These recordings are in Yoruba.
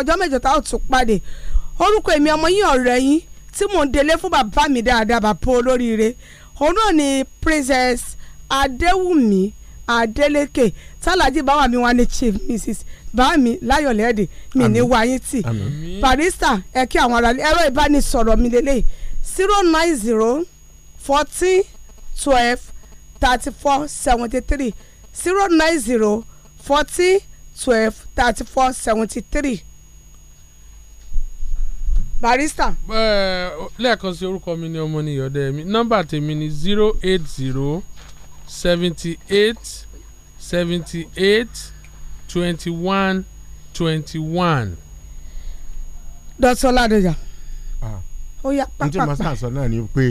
ọjọ́ mẹ́jọ tá a tún pàdé orúkọ èmi ọmọ yín ọ̀rẹ́ yín tí mò ń délé fún bàbá mi dáadáa bàbá olóríire òun náà ni princess adéwùmí adélékè tálàjì báwa mi wá ní chief mrs báwa mi láyọ̀lẹ́ẹ̀dẹ̀ mi ní wáyé tì barista ẹ kí àwọn ará ẹ̀rọ ìbánisọ̀rọ̀ mi lélẹ̀ zero nine zero fourteen twelve thirty four seventy three zero nine zero fourteen twelve thirty four seventy three barista. Eh, lẹ́ẹ̀kan sí orúkọ mi ni ọmọ ni ìyọ̀dẹ mi nọ́mbà tèmi ni zero eight zero seventy eight seventy eight twenty one twenty one. dọ́tí ọ̀làdẹ̀jà. Ah. ó yá pápá. njẹ́ màsà sọ náà ni pé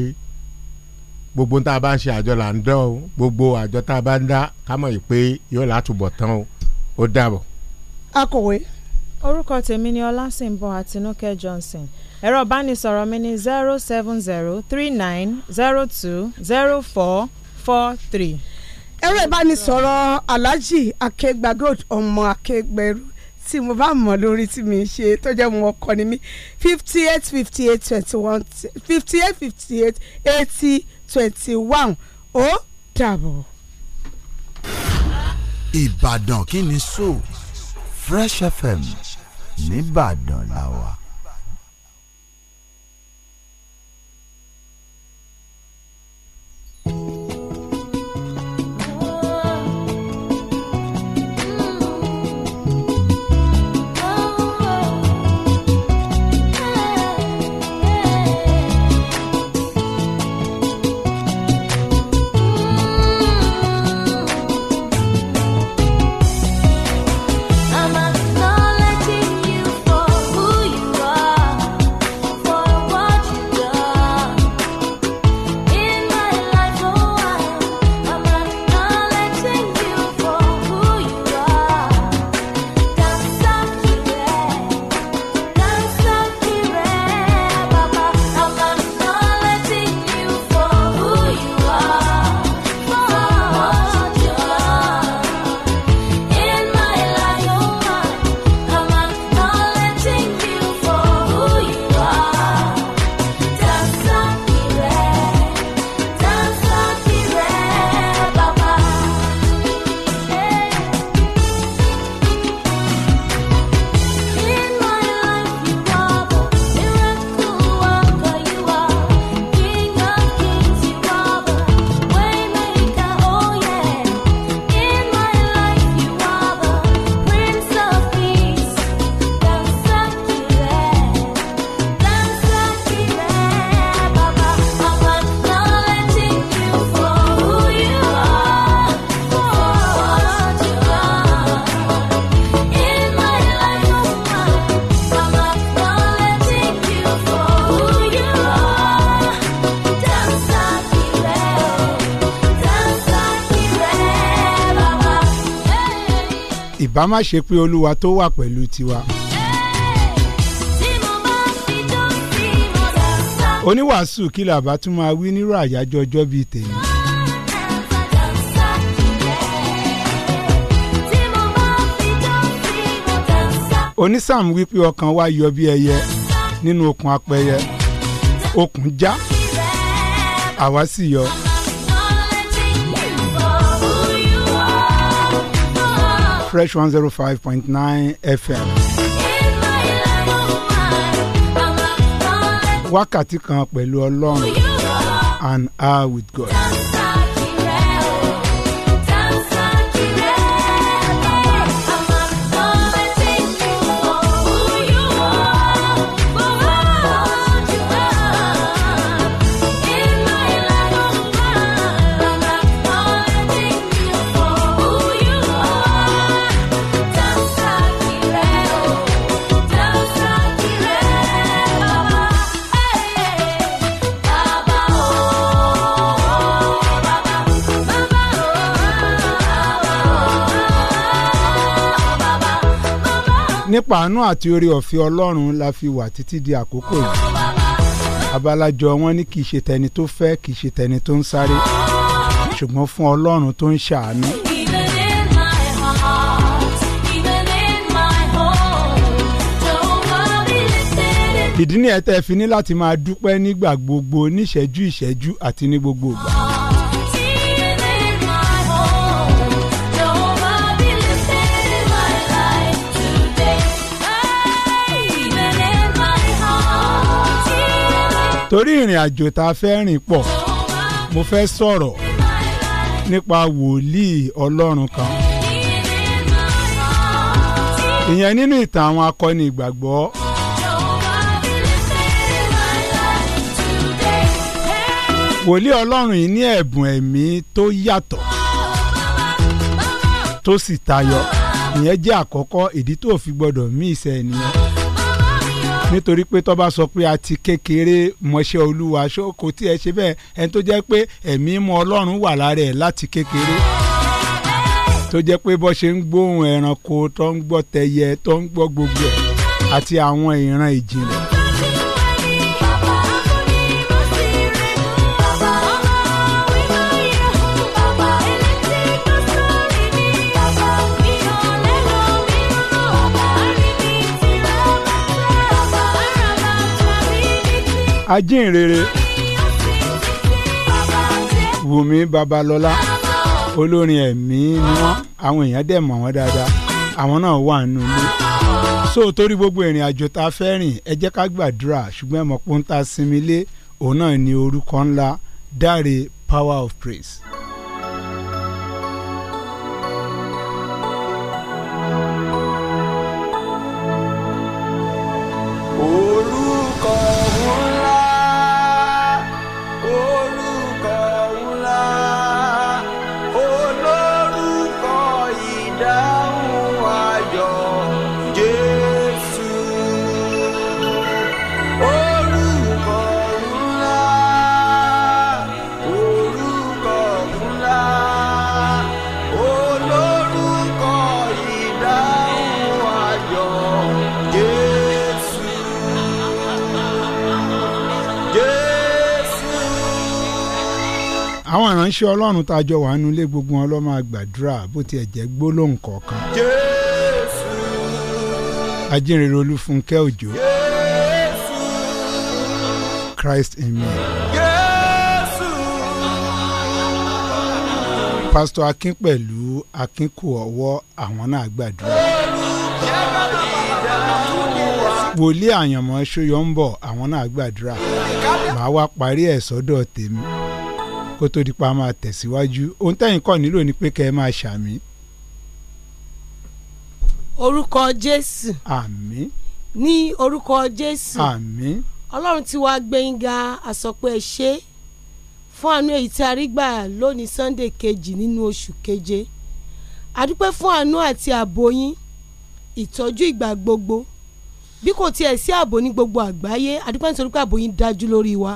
gbogbo tá a bá ń ṣe àjọ là ń dán o gbogbo àjọ tá a bá ń dá ká mọ̀ pé yóò látúbọ̀ tán o ó dàbọ̀. akọ̀wé. orúkọ tèmi ni ọlásìnbọn àtinúkẹ́ johnson ẹ̀rọ ìbánisọ̀rọ̀ mi ni zero seven zero three nine zero two zero four four three. ẹ̀rọ ìbánisọ̀rọ̀ alhaji akegba gold ọmọ akegberu tí mo bá mọ̀ lórí tí mi ṣe tó jẹ́ mo ọkọ ni mí fifty eight fifty eight twenty one fifty eight fifty eight eighty twenty one ó dàbọ̀. Ìbàdàn kí ni so Fresh FM nìbàdàn làwà. ká má ṣe pé olúwa tó wà pẹ̀lú tiwa. oníwàásù kìlà bá tún máa wí nírú àyájọ́ ọjọ́ bíi tèmi. onísàm wípé ọkàn wa yọ bí ẹyẹ nínú okùn apẹyẹ okùn já àwa sì yọ. Fresh One Zero oh Five Point Nine FM. wákàtí kan pẹ̀lú ọlọ́run and hour with God. nípa àánú àti oore ọ̀fẹ́ ọlọ́run la fi wà títí di àkókò yìí abalajọ wọn ní kì ṣe tẹni tó fẹ́ kì ṣe tẹni tó ń sáré ṣùgbọ́n fún ọlọ́run tó ń ṣàánú. ìdí nìyẹn tẹ́ fi ní láti máa dúpẹ́ nígbà gbogbo níṣẹ́jú ìṣẹ́jú àti ní gbogbo ìgbà. torí ìrìn àjò tá a fẹ́ rìn pọ̀ mo fẹ́ sọ̀rọ̀ nípa wòlíì ọlọ́run kan ìyẹn nínú ìtàn àwọn akọni ìgbàgbọ́. wòlíì ọlọ́run yìí ní ẹ̀bùn ẹ̀mí tó yàtọ̀ tó sì tayọ ìyẹn jẹ́ àkọ́kọ́ ìdí tó fi gbọ́dọ̀ mí ìṣe ènìyàn. nítorí pé tó bá sọ pé a ti kékeré mọṣẹ́ olúwa ṣó kò tí ẹ ṣe bẹ́ẹ̀ ẹni tó jẹ́ pé ẹ̀mí mọ ọlọ́run wà lára ẹ̀ láti kékeré tó jẹ́ pé bó ṣe ń gbóhùn ẹranko tó ń gbọ́ tẹyẹ tó ń gbọ́ gbogbo ẹ̀ àti àwọn ìran ìjìnlẹ̀ ajínrere wùmí babalọ́lá olórin ẹ̀mí ni wọ́n àwọn èèyàn dẹ̀ mọ̀ wọ́n dáadáa àwọn náà wà nínú ilé so torí gbogbo ìrìn àjò tá a fẹ́ rìn ẹ jẹ́ ká gbàdúrà ṣùgbọ́n ẹ mọ̀ pé ń ta sinmi lé òun náà ni orúkọ ńlá dáre power of praise. ìránṣẹ́ ọlọ́run tá a jọ wà nílé gbogbo wọn ló máa gbàdúrà bó tiẹ̀ jẹ́ gbólóhùn kọ̀ọ̀kan. jésù. ajínrere olúfúnkẹ́ òjò. jésù. christ in me. jésù. pásítọ̀ akin pẹ̀lú akínkù ọwọ́ àwọn náà gbàdúrà. wòlíì àyànmọ́ ṣóyọ̀ ń bọ̀ àwọn náà gbàdúrà. màá wá parí ẹ̀ sọ́dọ̀ tèmi kó tó di pa máa tẹ̀síwájú ohun tẹ́yìn kọ́ nílò ni pé kẹ́ ẹ máa ṣàmì. orúkọ jésù. àmín. ní orúkọ jésù. àmín. ọlọ́run tí wàá gbẹ̀yìn ga àsọpẹ́ ṣe fún àánú èyí tí a rí gbà lónìí sunday kejì nínú oṣù keje àdúpẹ́ fún àánú àti ààbò ìtọ́jú ìgbà gbogbo bí kò tiẹ̀ sí ààbò ní gbogbo àgbáyé àdúpẹ́ nítorí pé ààbò dájú lórí wa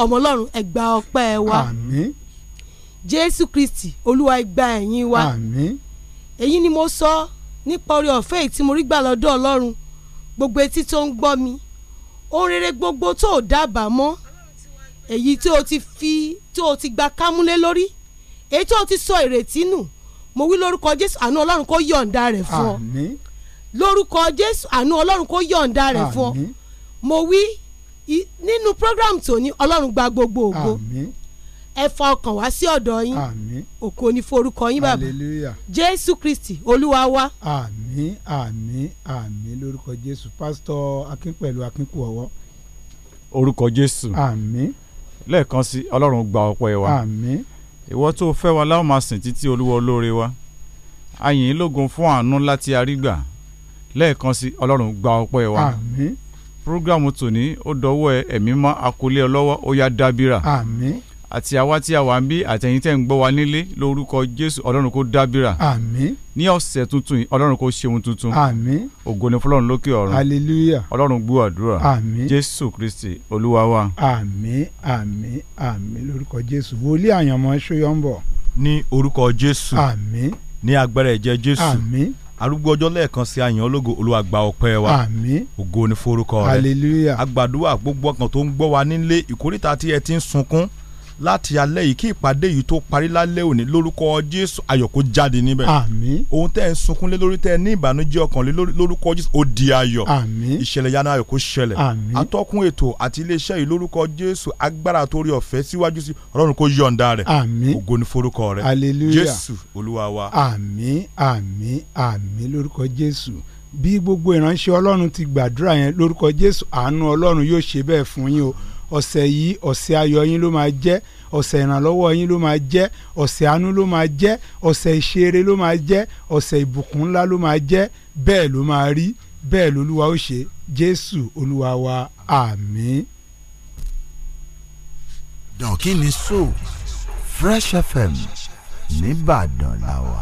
ọmọ ọlọ́run ẹ gba ọpẹ́ wa àmín jésù kristi olúwa ẹ gba ẹ̀yìn wa àmín èyí ni mo sọ nípa oore ọ̀fẹ́ tí mo rí gbà lọ́dọ̀ ọlọ́run gbogbo etí tó ń gbọ́ mi ohun rere gbogbo tó o dábàá mọ́ èyí tí o ti fi tí o ti gba kámúlé lórí èyí tí o ti sọ ìrètí nù mo wí lórúkọ jésù àánú ọlọ́run kó yọ̀ǹda rẹ̀ fún ọ lórúkọ jésù àánú ọlọ́run kó yọ̀ǹda rẹ̀ fún ọ mo wí nínú program tòní ọlọ́run gba gbogbo ògo ẹ fa ọkàn wá sí ọ̀dọ̀ yín òkò ní forúkọ yín bàbá jésù kristi olúwa wa. àmín àmín àmín lórúkọ jésù pásítọ̀ akínpẹ̀lú akínkùọwọ. orúkọ jésù. àmín. lẹ́ẹ̀kan sí ọlọ́run gba ọpẹ́ wa. àmín. ìwọ tó fẹ́ wa láwọn máa sìn títí olúwa olóore wa a yìn ín lógo fún àánú láti arígbà lẹ́ẹ̀kan sí ọlọ́run gba ọpẹ́ wa. àmín programu tòní ó dọwọ́ ẹ ẹ̀mí mọ́ akólé ọlọ́wọ́ ó yá dábìrà. àmín. àti àwa tí a wà ń bí àtẹ̀yìn tẹ̀ ń gbọ́ wa nílé lórúkọ jésù ọlọ́run kó dábìrà. àmín. ní ọ̀sẹ̀ tuntun yìí ọlọ́run kó ṣeun tuntun. àmín. ògo ni fọlọ́run lókè ọ̀run. hallelujah. ọlọ́run gbọ́ àdúrà. àmín. jésù kristi olúwa wa. àmín àmín lórúkọ jésù wòlíì àyànmọ́ ṣóyọ́ǹbọ̀. ní orúkọ jésù. àmín. ní agbára ẹ̀jẹ̀ jésù. àmín arúgbó ọjọ́ lẹ́ẹ̀kan sí àyàn ológo olúwa gba ọpẹ́ wa àmín ògo ni forúkọ rẹ hallelujah agbàdúrà gbogbo ọkàn tó ń gbọ́ wa nílé ìkórìtà tí ẹ ti ń sunkún láti alẹ́ yìí kí ìpàdé yìí tó parí lálẹ́ òní lórúkọ jésù ayọ̀ kó jáde níbẹ̀. àmín. ohun tẹ́ ẹ sunkún lé lórí tẹ́ ẹ ní ìbànújẹ́ ọkàn lé lórúkọ jésù ó di ayọ̀. àmín. ìṣẹ̀lẹ̀ yanu ayọ̀ kó ṣẹlẹ̀. àmín. atọ́kùn ètò àti iléeṣẹ́ yìí lórúkọ jésù agbára torí ọ̀fẹ́ síwájú sí ọlọ́run kó yọ̀ǹda rẹ̀. àmín. ògo ni forúkọ rẹ̀. bí gbogbo ìránṣẹ́ ọlọ́run ti gbàdúrà yẹn lórúkọ jésù àánú ọlọ́run yóò ṣe bẹ́ẹ̀ fún yín o ọ̀sẹ̀ yìí ọ̀sẹ̀ ayọ̀ yín ló máa jẹ́ ọ̀sẹ̀ ìrànlọ́wọ́ yín ló máa jẹ́ ọ̀sẹ̀ àánú ló máa jẹ́ ọ̀sẹ̀ ìṣeré ló máa jẹ́ ọ̀sẹ̀ ìbùkún ńlá ló máa jẹ́ bẹ́ẹ̀ ló máa rí bẹ́ẹ̀ lolúwa ó ṣe jésù olúwa wa àmín. dọ̀kíni so Fresh FM nìbàdàn làwà.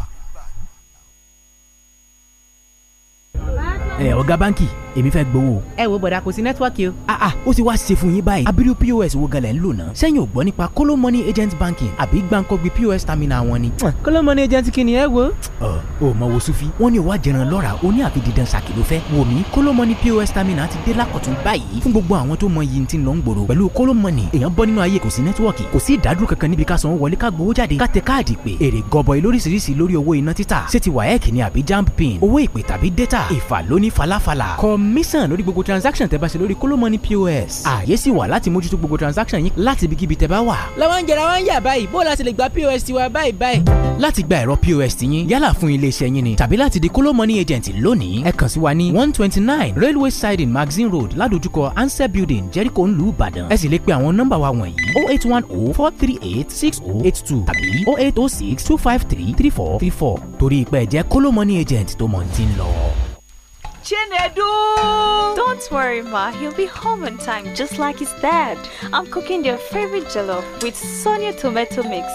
ẹ ọ̀gá báńkì èmi fẹ́ gbowó. ẹ wo bọ̀dà kò sí nẹ́tíwọ́ọ̀kì o. ah ah ó ti wá ṣe fún yín báyìí abiru pos wo galẹ̀ ń lò náà sẹ́yìn ò gbọ́ nípa kóló money agent banking àbí gbàǹkọ́gbì pos terminal wọn ni. Ah, kóló money agent kí ẹ wo. ọ ò mọ wo sufi wọn ní ìwà jẹran lọ́ra ó ní àfi didan ṣàkì ló fẹ́ wò kóló money pos terminal ti dé lákọ̀tún báyìí fún gbogbo àwọn tó mọ iye tí ń lọ ń gbòòrò pẹ̀lú kóló money èèyàn bọ́ nínú ayé kò sí nẹ́tíwọ́ọ̀kì kò sí ìdádúró kankan níbi ká sanwó wọlé ká gbowó jáde ká tẹ káàdì pé èrè gọbọi lóríṣiríṣi lórí owó iná títà ṣé ti wáyẹ̀kì ni àbí jamb pin owó ìpè tàbí data ìfà lóní falafala com mísàn lórí gbogbo transaction tẹ́ bá ṣe lórí kólómọ́nì pos ààyè sì wà láti mójútó gbogbo transaction yín láti ibikíbi tẹ́ bá wà. làwọn ń jẹ làwọn ń yà báyìí bó láti lè gba pos tiwa báyìí báyìí. láti gba ẹ̀rọ pos ti yín yálà fún iléeṣẹ́ yín ni tàbí láti di kólómọ́nì agent lónìí ẹ kàn sí wa ní one twenty nine railway siding magazine road ládojúkọ ansa building jericho ńlú ìbàdàn ẹ sì lè pe àwọn nọ́mbà wa wọ̀nyí o oh eight one o oh four three eight six o oh eight two tàbí o eight o six two five three three four three four torí ìpẹ́ jẹ́ kólómọ́nì agent tó mọ̀ ní ti ń lọ. Chinedu! Don't worry, Ma. He'll be home on time, just like his dad. I'm cooking your favorite jollof with Sonia tomato mix.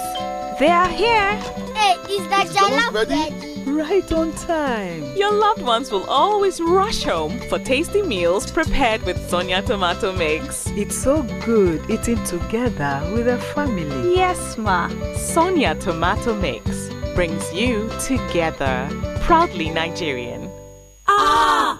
They are here. Hey, is that jollof ready? Right on time. Your loved ones will always rush home for tasty meals prepared with Sonia tomato mix. It's so good eating together with a family. Yes, Ma. Sonia tomato mix brings you together. Proudly Nigerian. 啊！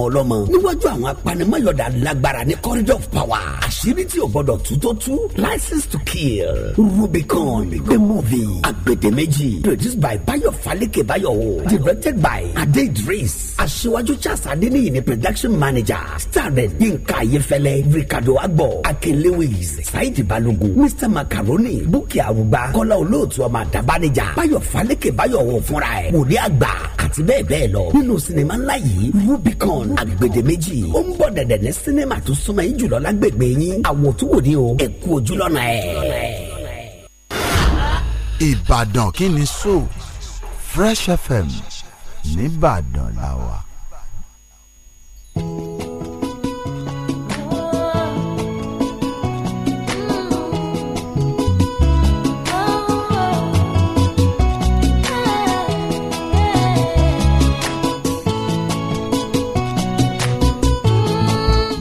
ọmọ ọlọ́mọ níwájú àwọn apanimọ̀yọ̀dà Lagbara, ní corridor of power àṣírí tí o gbọdọ̀ tú tó license to kill rubicon the movie agbèdémèjì produced by bayo falike bayo directed by ade idris aṣíwájú charles adeniyi ni production manager starred yinka ayefẹlẹ ricardo agbo akin lewis saidi balogun mr macaroni bukki arugba kọ́lá olóòtú ọmọ àdàbánijà bayo falike bayo wò fúnra ẹ̀ wòlíì àgbà àti bẹ́ẹ̀ bẹ́ẹ̀ lọ nínú sinimá ńlá yìí rubicon agbede méjì ó ń bọ̀ dẹ̀dẹ̀ ní sinimá tó súnmọ́ yín jùlọ lágbègbè yín àwòtúwò ni o ẹ kú ojú lọ́nà ẹ̀. Ìbàdàn kí ni so Fresh FM nìbàdàn làwà.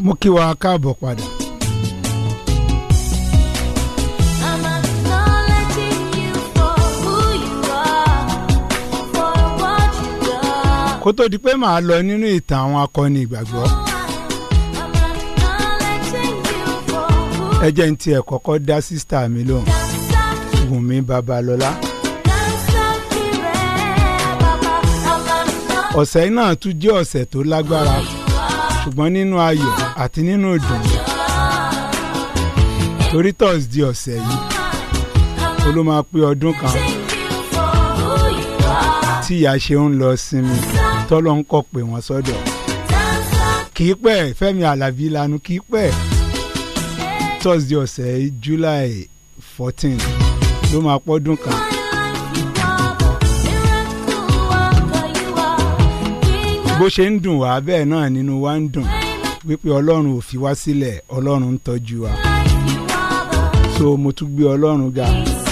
mo kí wa káàbọ̀ padà. kó tó di pé màá lọ nínú ìtàn àwọn akọni ìgbàgbọ́. Oh, ẹ jẹ́ n tiẹ̀ kọ́kọ́ dá sísítà mi lóhùn Wùnmí Babalọ́lá. ọ̀sẹ̀ náà tún jẹ́ ọ̀sẹ̀ tó lágbára ṣùgbọ́n nínú ayọ̀ àti nínú ìdùnnú torí tọ́sídìí ọ̀sẹ̀ yìí olú máa pé ọdún kan tí ìyá ṣe ń lọ sinmi tọ́lọ́ ń kọ́ pé wọ́n sọ́dọ̀ kì í pẹ́ Fẹ́mi Àlàbí lanu kì í pẹ́ tọ́sídìí ọ̀sẹ̀ July fourteen ló máa pọ́dún kan. bó ṣe ń dùn wá bẹ́ẹ̀ náà nínú wa ń dùn wípé ọlọ́run ò fi wá sílẹ̀ ọlọ́run ń tọ́jú wa so mo tún gbé ọlọ́run ga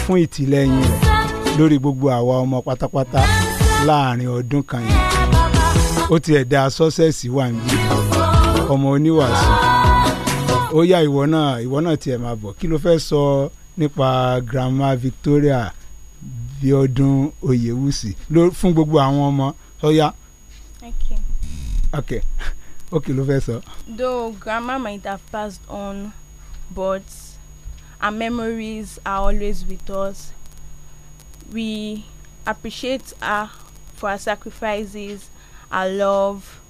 fún ìtìlẹ́yìn rẹ̀ lórí gbogbo àwa ọmọ pátápátá láàrin ọdún kan yìí ó tiẹ̀ da sọ́sẹ̀sì wà níbí ọmọ oníwàásù ó yá ìwọ náà ìwọ náà tiẹ̀ máa bọ̀ kí ló fẹ́ sọ nípa grandma Victoria Bíọ́dún Oyèwùsì fún gbogbo àwọn ọmọ ó yá. Thank you. okay. okay ló fẹ́ sọ. though grandma might have passed on but her memories are always with us we appreciate her for her sacrifices her love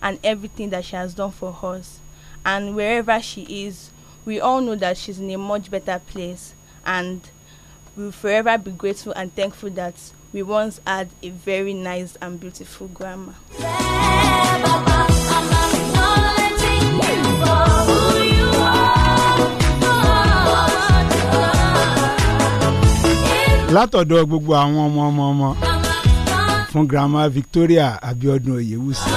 and everything that she has done for us and wherever she is we all know that she's in a much better place and we'll forever be grateful and thankful that we once had a very nice and beautiful grandma. Yeah, látọ̀dọ̀ gbogbo àwọn ọmọ ọmọ ọmọ fún grandma Victoria Abiodun Oyewusi.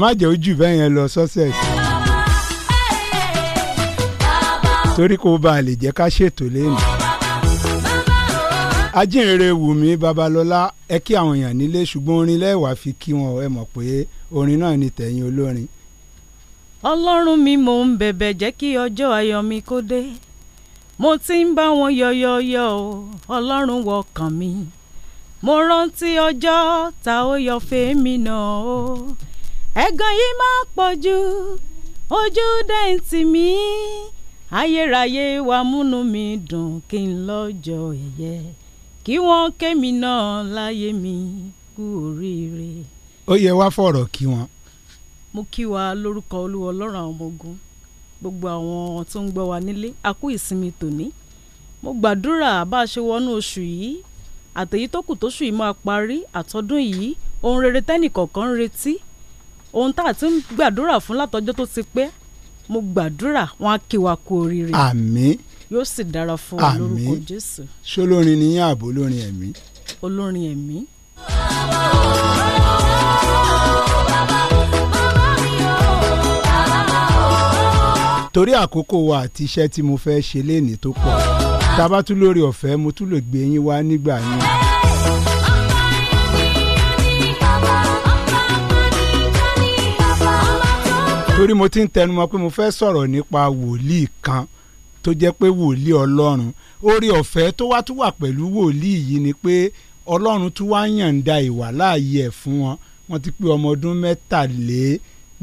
má jẹ́ ojú bẹ́ẹ̀ yẹn lọ success torí kò bá a lè jẹ́ ká ṣètò lẹ́nu. ajínrere Wùmí Babalọ́lá ẹ kí àwọn èèyàn nílé ṣùgbọ́n orin lẹ́wàá fi kí wọn ẹ mọ̀ pé orin náà ni tẹ̀yìn olórin. Ọlọ́run mi mò ń bẹ̀bẹ̀ jẹ́ kí ọjọ́ ayọ̀ mi kó dé mo ti ń bá wọn yọyọyọ o Ọlọ́run wọkàn mi mo rántí ọjọ́ tá ó yọ fèémí náà o ẹ̀gàn yìí máa pọ̀ jù ojú dẹ́ǹtì mi ayérayé wa múnú mi dùn kí n lọ́jọ́ ẹ̀yẹ kí wọ́n kémi náà láyé mi kú oríire. ó yẹ wá fọ̀rọ̀ kí wọn. mo kí wa lórúkọ olúwa ọlọ́run àwọn ọmọ ogun gbogbo àwọn tó ń gbọ́ wa nílé a kú ìsinmi tòní mo gbàdúrà bá a ṣe wọnú oṣù yìí àtèyí tó kù tóṣù yìí máa parí àtọ́dún yìí ohun rere tẹ́nìkọ̀ọ̀kan ń retí ohun tá a ti ń gbàdúrà fún látọjọ́ tó ti pé mo gbàdúrà wọn á kí wa kú oríire. àmín. yóò sì dára fún wa lórúkọ jésù. ṣolórin ni yín àbò olórin ẹ̀mí. olórin ẹ̀mí. torí àkókò wa àti iṣẹ́ tí mo fẹ́ ṣe léèní tó pọ̀ tá a bá ọ̀fẹ́ mo tún lè gbé yín wá nígbà yẹn. torí mo ti ń tẹnumọ́ pé mo fẹ́ sọ̀rọ̀ nípa wòlíì kan tó jẹ́ pé wòlíì ọlọ́run oore ọ̀fẹ́ tó wá tún wà pẹ̀lú wòlíì yìí ni pé ọlọ́run tún wá yàǹda ìwà láàyè ẹ̀ fún wọn wọ́n ti pé ọmọ ọdún mẹ́tàlé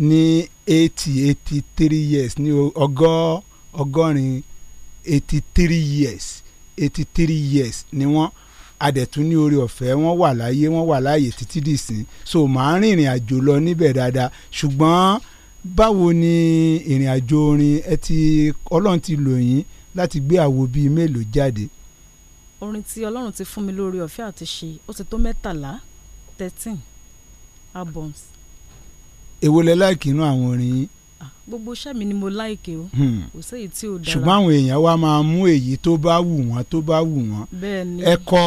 ní eighty eighty three years ní ọgọ́ ọgọ́rin eighty three years eighty three years ni wọ́n adẹ̀tún ní oore ọ̀fẹ́ wọ́n wà láyé wọ́n wà láàyè títí dìsín so màá rìnrìn àjò lọ níbẹ̀ dáadáa ṣùgbọ́n báwo ni ìrìn àjò orin ẹ ti ọlọ́run ti lò yín láti gbé àwo bíi mélòó jáde. orin tí ọlọ́run ti fún mi lórí ọ̀fẹ́ àti ṣe ó ti tó mẹ́tàlá thirteen albums. èwo lẹ láìkì inú àwọn orin yín. Ah, gbogbo iṣẹ́ mi ni mo láìkì o hmm. kò séyìí tí ò dára. ṣùgbọ́n àwọn èèyàn wa máa mú èyí tó bá wù wọ́n tó bá wù wọ́n. bẹ́ẹ̀ ni ẹ kọ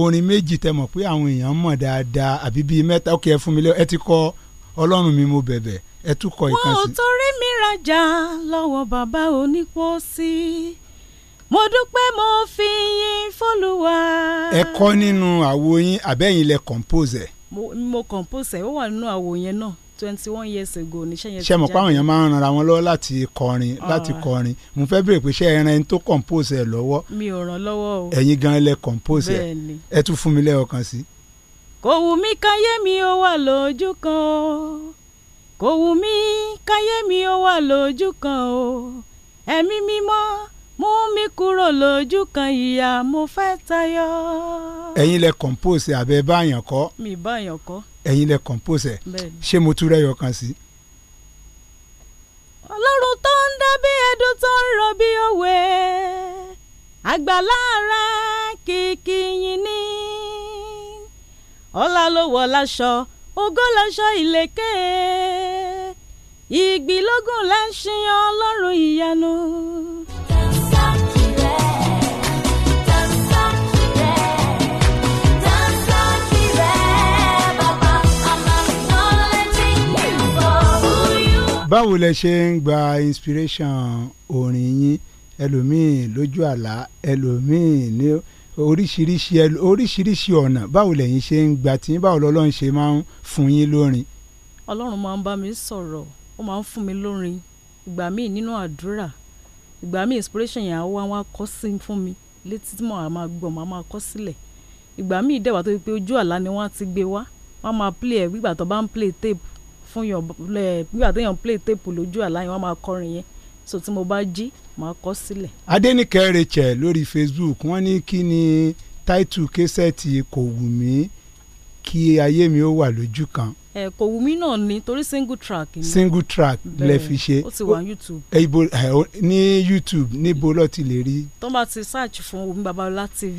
orin méjì tẹ pé àwọn èèyàn mọ̀ dáadáa àbí bíi mẹ́ta ó kì fún mi lẹ́wọ́ ẹ ti kọ ọlọ́run mi mo bẹ̀bẹ̀ ẹ tún kọ ìkan sí. wọn ò torí mi rajà lọ́wọ́ bàbá onípòsí mo dúpẹ́ mo fi yìn fọ́lùwà. ẹ kọ́ nínú àwo yín àbẹ́yìn lẹ compose ẹ̀. mo compose ẹ̀ ó wà nínú àwo yẹn náà twenty one years ago níṣẹ́ yẹn ti jáde. ṣé mo pa àwọn èèyàn máa ń ranra wọn lọ́wọ́ láti kọrin ah. láti kọrin mo fẹ́ béèrè pé ṣé ẹran tó compose ẹ lọ́wọ́. mi ò ràn lọ́wọ́ o. ẹ̀yin gan-an lẹ compose ẹ ẹ tún fún mi lẹ́ọ̀kan sí. kò wù mí káyé mi ó wà lójú kan kò wù mí káyé mi ó wà lójú kan o ẹ̀mí mímọ́ mú mi kúrò lójú kan ìyá mo fẹ́ tayọ. ẹ̀yin lẹ compose abẹ báyàn kọ. mi báyàn kọ. ẹ̀yin lẹ compose ẹ̀ ṣé mo tún rẹ́yọ̀ kan sí. ọlọ́run tó ń dá bí ẹdun tó ń rọ bí òwe àgbàlára kìkì yìí ní ọlá ló wọ láṣọ ògo lọ̀ṣọ́ ìgbìlógún là ń ṣíyan ọlọ́run ìyanu. báwo lẹ ṣe ń gba inspiration orin yín ẹlòmíì lójú àlá ẹlòmíì ní. Ni oríṣiríṣi oríṣiríṣi ọ̀nà báwo lẹ̀yin ṣe ń gbà tí báwo lọ́lọ́run ṣe máa ń fún yín lórin. ọlọ́run máa ń bá mi sọ̀rọ̀ ó máa ń fún mi lórin ìgbà míì nínú àdúrà ìgbà míì inspiration yẹn á wá wá kọ sí fún mi létí tí mo máa gbọ́ mo máa kọ sílẹ̀ ìgbà míì dẹ̀wà tó yẹ pé ojú àlá ni wọ́n ti gbé wá wọ́n máa play ẹ̀ gbígbà tó bá ń play tape fún yàn gbígbà tó yàn play tape lójú àlá yẹn wọ́n máa kọrin yẹn so tí mo bá jí màá kọ sílẹ̀. adẹ́nìkẹ́ rachel lórí facebook wọ́n ní kí ni táìtù kẹsẹ̀tì kò wù mí kí ayé mi ó wà lójú kan. ẹ kò wù mí náà ni torí single track single track lẹ fi ṣe ó ti wà youtube. ẹ ibo ẹ ní youtube níbo ló ti lè rí. tó bá ti search fún Wunmi Babalọlá TV.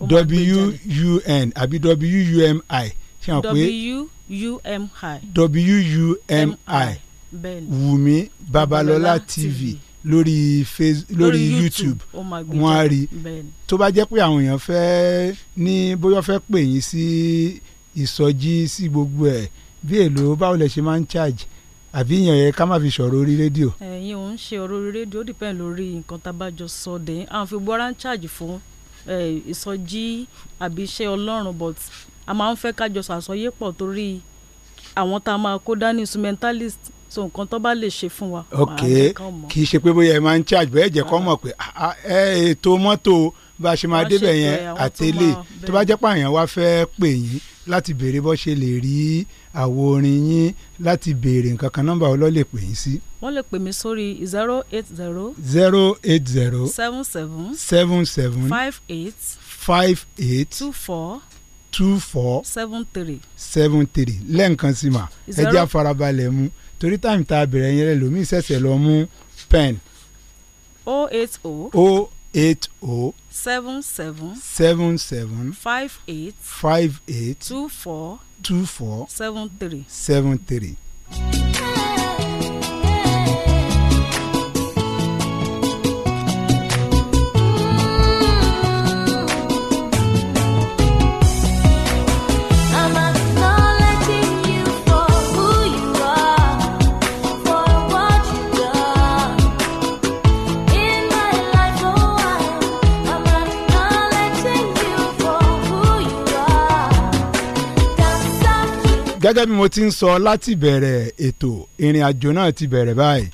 w-u-n àbí w-u-m-i. w-u-m-i. w-u-m-i wùmí babalọ́lá tv lórí face lórí youtube wọ́n á rí tó bá jẹ́ pé àwọn èèyàn fẹ́ ní bóyá fẹ́ pè yín sí ìsọjí sí gbogbo ẹ̀ bí èlò báwo lẹ ṣe máa ń charge àbí ìyẹn yẹn ká má fi sọ̀rọ̀ orí rédíò. ẹ̀yin ò ń ṣe ọ̀rọ̀ orí rédíò ó dìpẹ́ lórí nǹkan tá a bá jọ sọ dé àwọn fi gbọ́ra ń charge fún ìsọjí àbí iṣẹ́ ọlọ́run but a máa ń fẹ́ kájọ sàsọyé pọ̀ torí àwọn tá a máa kó dání instrumentalist so nǹkan tó bá lè ṣe fún wa. ok kì í ṣe pé bóyá ẹ máa ń charge bẹ́ẹ̀ jẹ́ kọ́ mọ̀ pé ah, ah, ẹ ètò mọ́tò bá a ṣe máa débẹ̀ yẹn àtẹlé tó bá jẹ́ pé àyàn wá fẹ́ pè yín láti béèrè bó ṣe lè rí àwo orin yín láti béèrè nǹkan kan nọ́mbà ọlọ́ lè pè yín sí. wọ́n lè pè mí sórí zero eight zero. zero eight zero. seven seven. seven seven. five eight. five eight. two four two four. seven three. seven three lẹ́ǹkan sí ma ẹ jẹ́ àfarabalẹ̀ mú torí táìmù tá a bẹ̀rẹ̀ yẹn lẹ́lòmíì ṣẹ̀ṣẹ̀ lọ mú pen. o oh eight o. Oh. o oh eight o. seven seven. seven seven. five eight. five eight. two four. two four. seven three. seven three. gẹ́gẹ́ bí mo ti ń sọ láti bẹ̀rẹ̀ ètò ìrìn àjò náà ti bẹ̀rẹ̀ báyìí.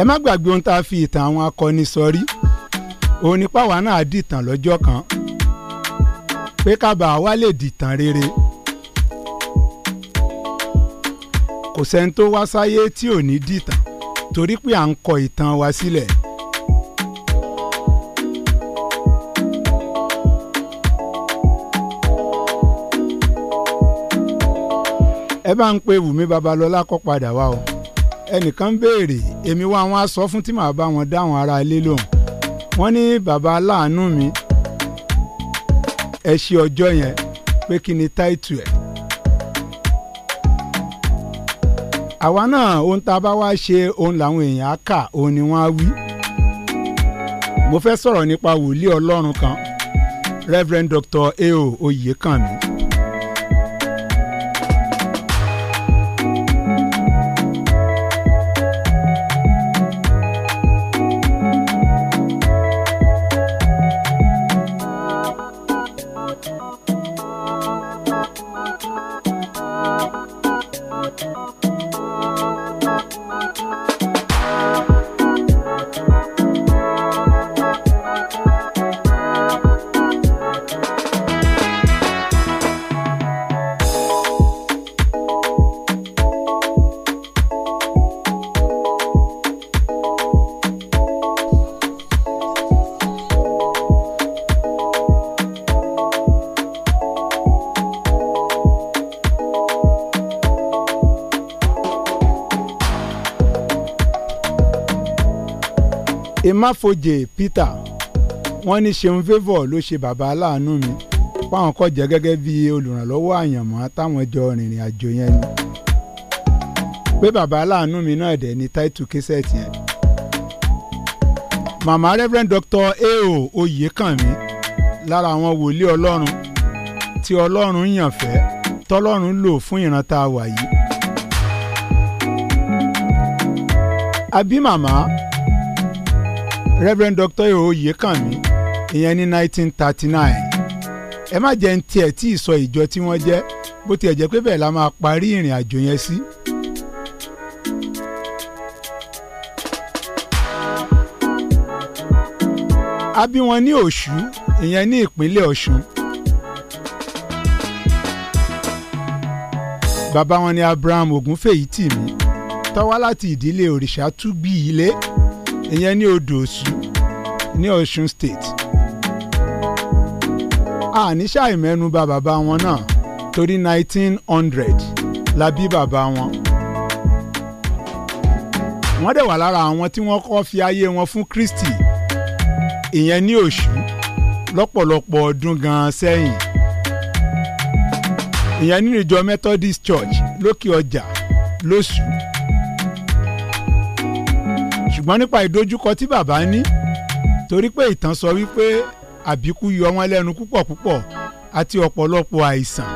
ẹ má gbàgbé ohun tá a fi ìtàn àwọn akọni sọrí òun ni páwa náà dìtàn lọ́jọ́ kan pé kábàá wa lè dìtàn rere. kò sẹ́ni tó wá sáyé tí ò ní dìtàn torí pé à ń kọ ìtàn wa sílẹ̀. ẹ bá ń pe Wùmí Babalọ́lá kó padà wá o ẹnìkan ń béèrè èmi wá wọn á sọ fún tí màá bá wọn dá àwọn ilé lóhùn wọ́n ní bàbá aláàánú mi ẹ ṣe ọjọ́ yẹn pé kí ni táìtù ẹ̀. àwa náà ohun tá a bá wá ṣe ohun làwọn èèyàn á kà ohun ni wọ́n á wí. mo fẹ́ sọ̀rọ̀ nípa wòlíì ọlọ́run kan rev dr Eo oyèkànmí. Thank you. Thank you. Emáfojè Peter wọ́n ní Ṣeun favour ló ṣe bàbá aláàánú mi fáwọn kò jẹ́ gẹ́gẹ́ bí olùrànlọ́wọ́ àyànmọ́ táwọn jọ rìnrìn àjò yẹn ni pé bàbá aláàánú mi náà dẹ̀ ni táìtù késẹ̀tì yẹn. màmá Reverend Doctor Eo Oyèkànmí lára àwọn wòlíì Ọlọ́run tí Ọlọ́run yàn fẹ́ tọ́lọ́run lò fún ìran tá a wà yìí. àbí Reverend Dr. Oyèkànmí ìyẹn ní 1939 ẹ má jẹ́ ń tiẹ̀ tí ì sọ ìjọ tí wọ́n jẹ́ bó tiẹ̀ jẹ́ pé bẹ́ẹ̀ la máa parí ìrìn àjò yẹn sí. a bí wọn ní Ọ̀ṣù ìyẹn ní ìpínlẹ̀ Ọ̀ṣun. bàbá wọn ni Abraham Ògúnfèyítìmí tó wá láti ìdílé òrìṣà túbí ilé ìyẹn ní odò òsù ní Ọ̀ṣun state àníṣàì mẹ́nuba bàbá wọn náà torí nineteen hundred la bí bàbá wọn wọ́n dẹ̀ wà lára àwọn tí wọ́n kọ́ fi ayé wọn fún Kristi ìyẹn ní òṣù lọ́pọ̀lọpọ̀ ọdún gan-an sẹ́yìn ìyẹn nínú ìjọ Methodist Church lókè ọjà lóṣù ṣùgbọ́n nípa ìdojúkọ tí bàbá ní torí pé ìtàn sọ wípé àbíkú yọ wọn lẹ́nu púpọ̀ púpọ̀ àti ọ̀pọ̀lọpọ̀ àìsàn.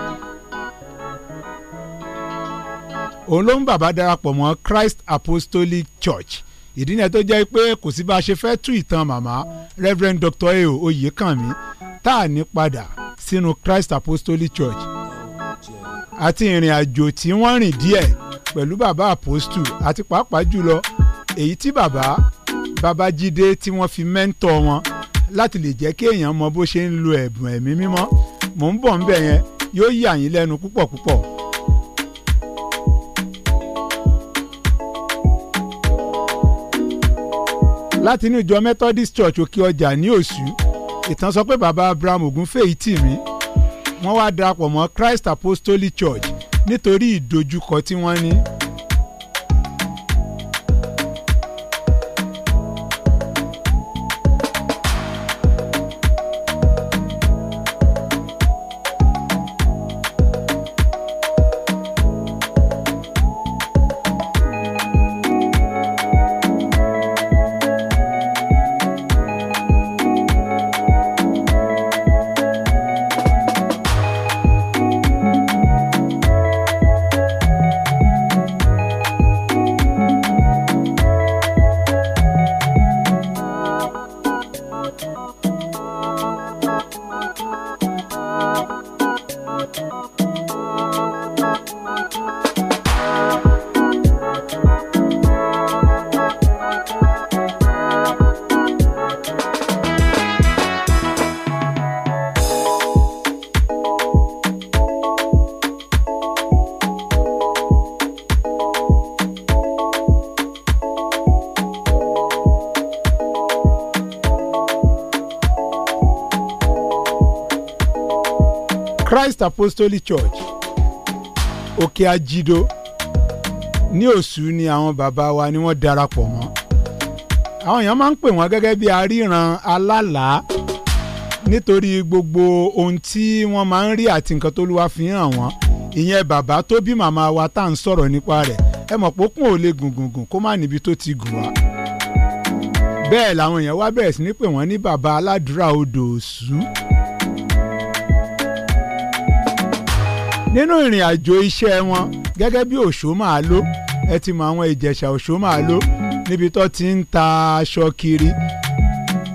òun ló ń bàbá darapọ̀ mọ́ Christ Apostolic Church ìdí náà tó jẹ́ pé kò sí bá a ṣe fẹ́ tú ìtàn màmá Rev Dr. eo Oyèkànmí tá a ní padà sínú Christ Apostolic Church àti ìrìn àjò tí wọ́n rìn díẹ̀ pẹ̀lú bàbá apostu àti pàápàá jùlọ èyí tí bàbá Babájídé tí wọ́n fi mẹ́ńtọ̀ wọn láti lè jẹ́ kéèyàn mọ bó ṣe ń lo ẹ̀bùn ẹ̀mí mímọ́ mò ń bọ̀ ń bẹ̀ yẹn yóò yà yín lẹ́nu púpọ̀ púpọ̀. láti inú ìjọ Methodist Church òkè ọjà ní òsù ìtàn sọ pé bàbá Abraham Ògúnfèyítìmí wọ́n wá darapọ̀ mọ́ Christ Apostolic Church nítorí ìdojúkọ tí wọ́n ní. Christ Apostolic Church òkè ajídó ní òsù ni àwọn bàbá wa ni wọ́n darapọ̀ mọ́ àwọn èèyàn máa ń pè wọ́n gẹ́gẹ́ bí aríran alálàá nítorí gbogbo ohun tí wọ́n máa ń rí àti nǹkan tó lúwa fi hàn wọ́n ìyẹn bàbá tó bí màmá wa tá à ń sọ̀rọ̀ nípa rẹ̀ ẹ mọ̀ pé kún ò lè gùngùngùn kó má níbi tó ti gùn wá bẹ́ẹ̀ làwọn èèyàn wá bẹ̀rẹ̀ sí ní pè wọ́n ní bàbá aládùúrà odò òsù. nínú ìrìn àjò iṣẹ́ wọn gẹ́gẹ́ bí Òṣómàáló ẹ ti mọ àwọn Ìjẹ̀ṣà Òṣómàáló níbi tó ti ń ta aṣọ kiri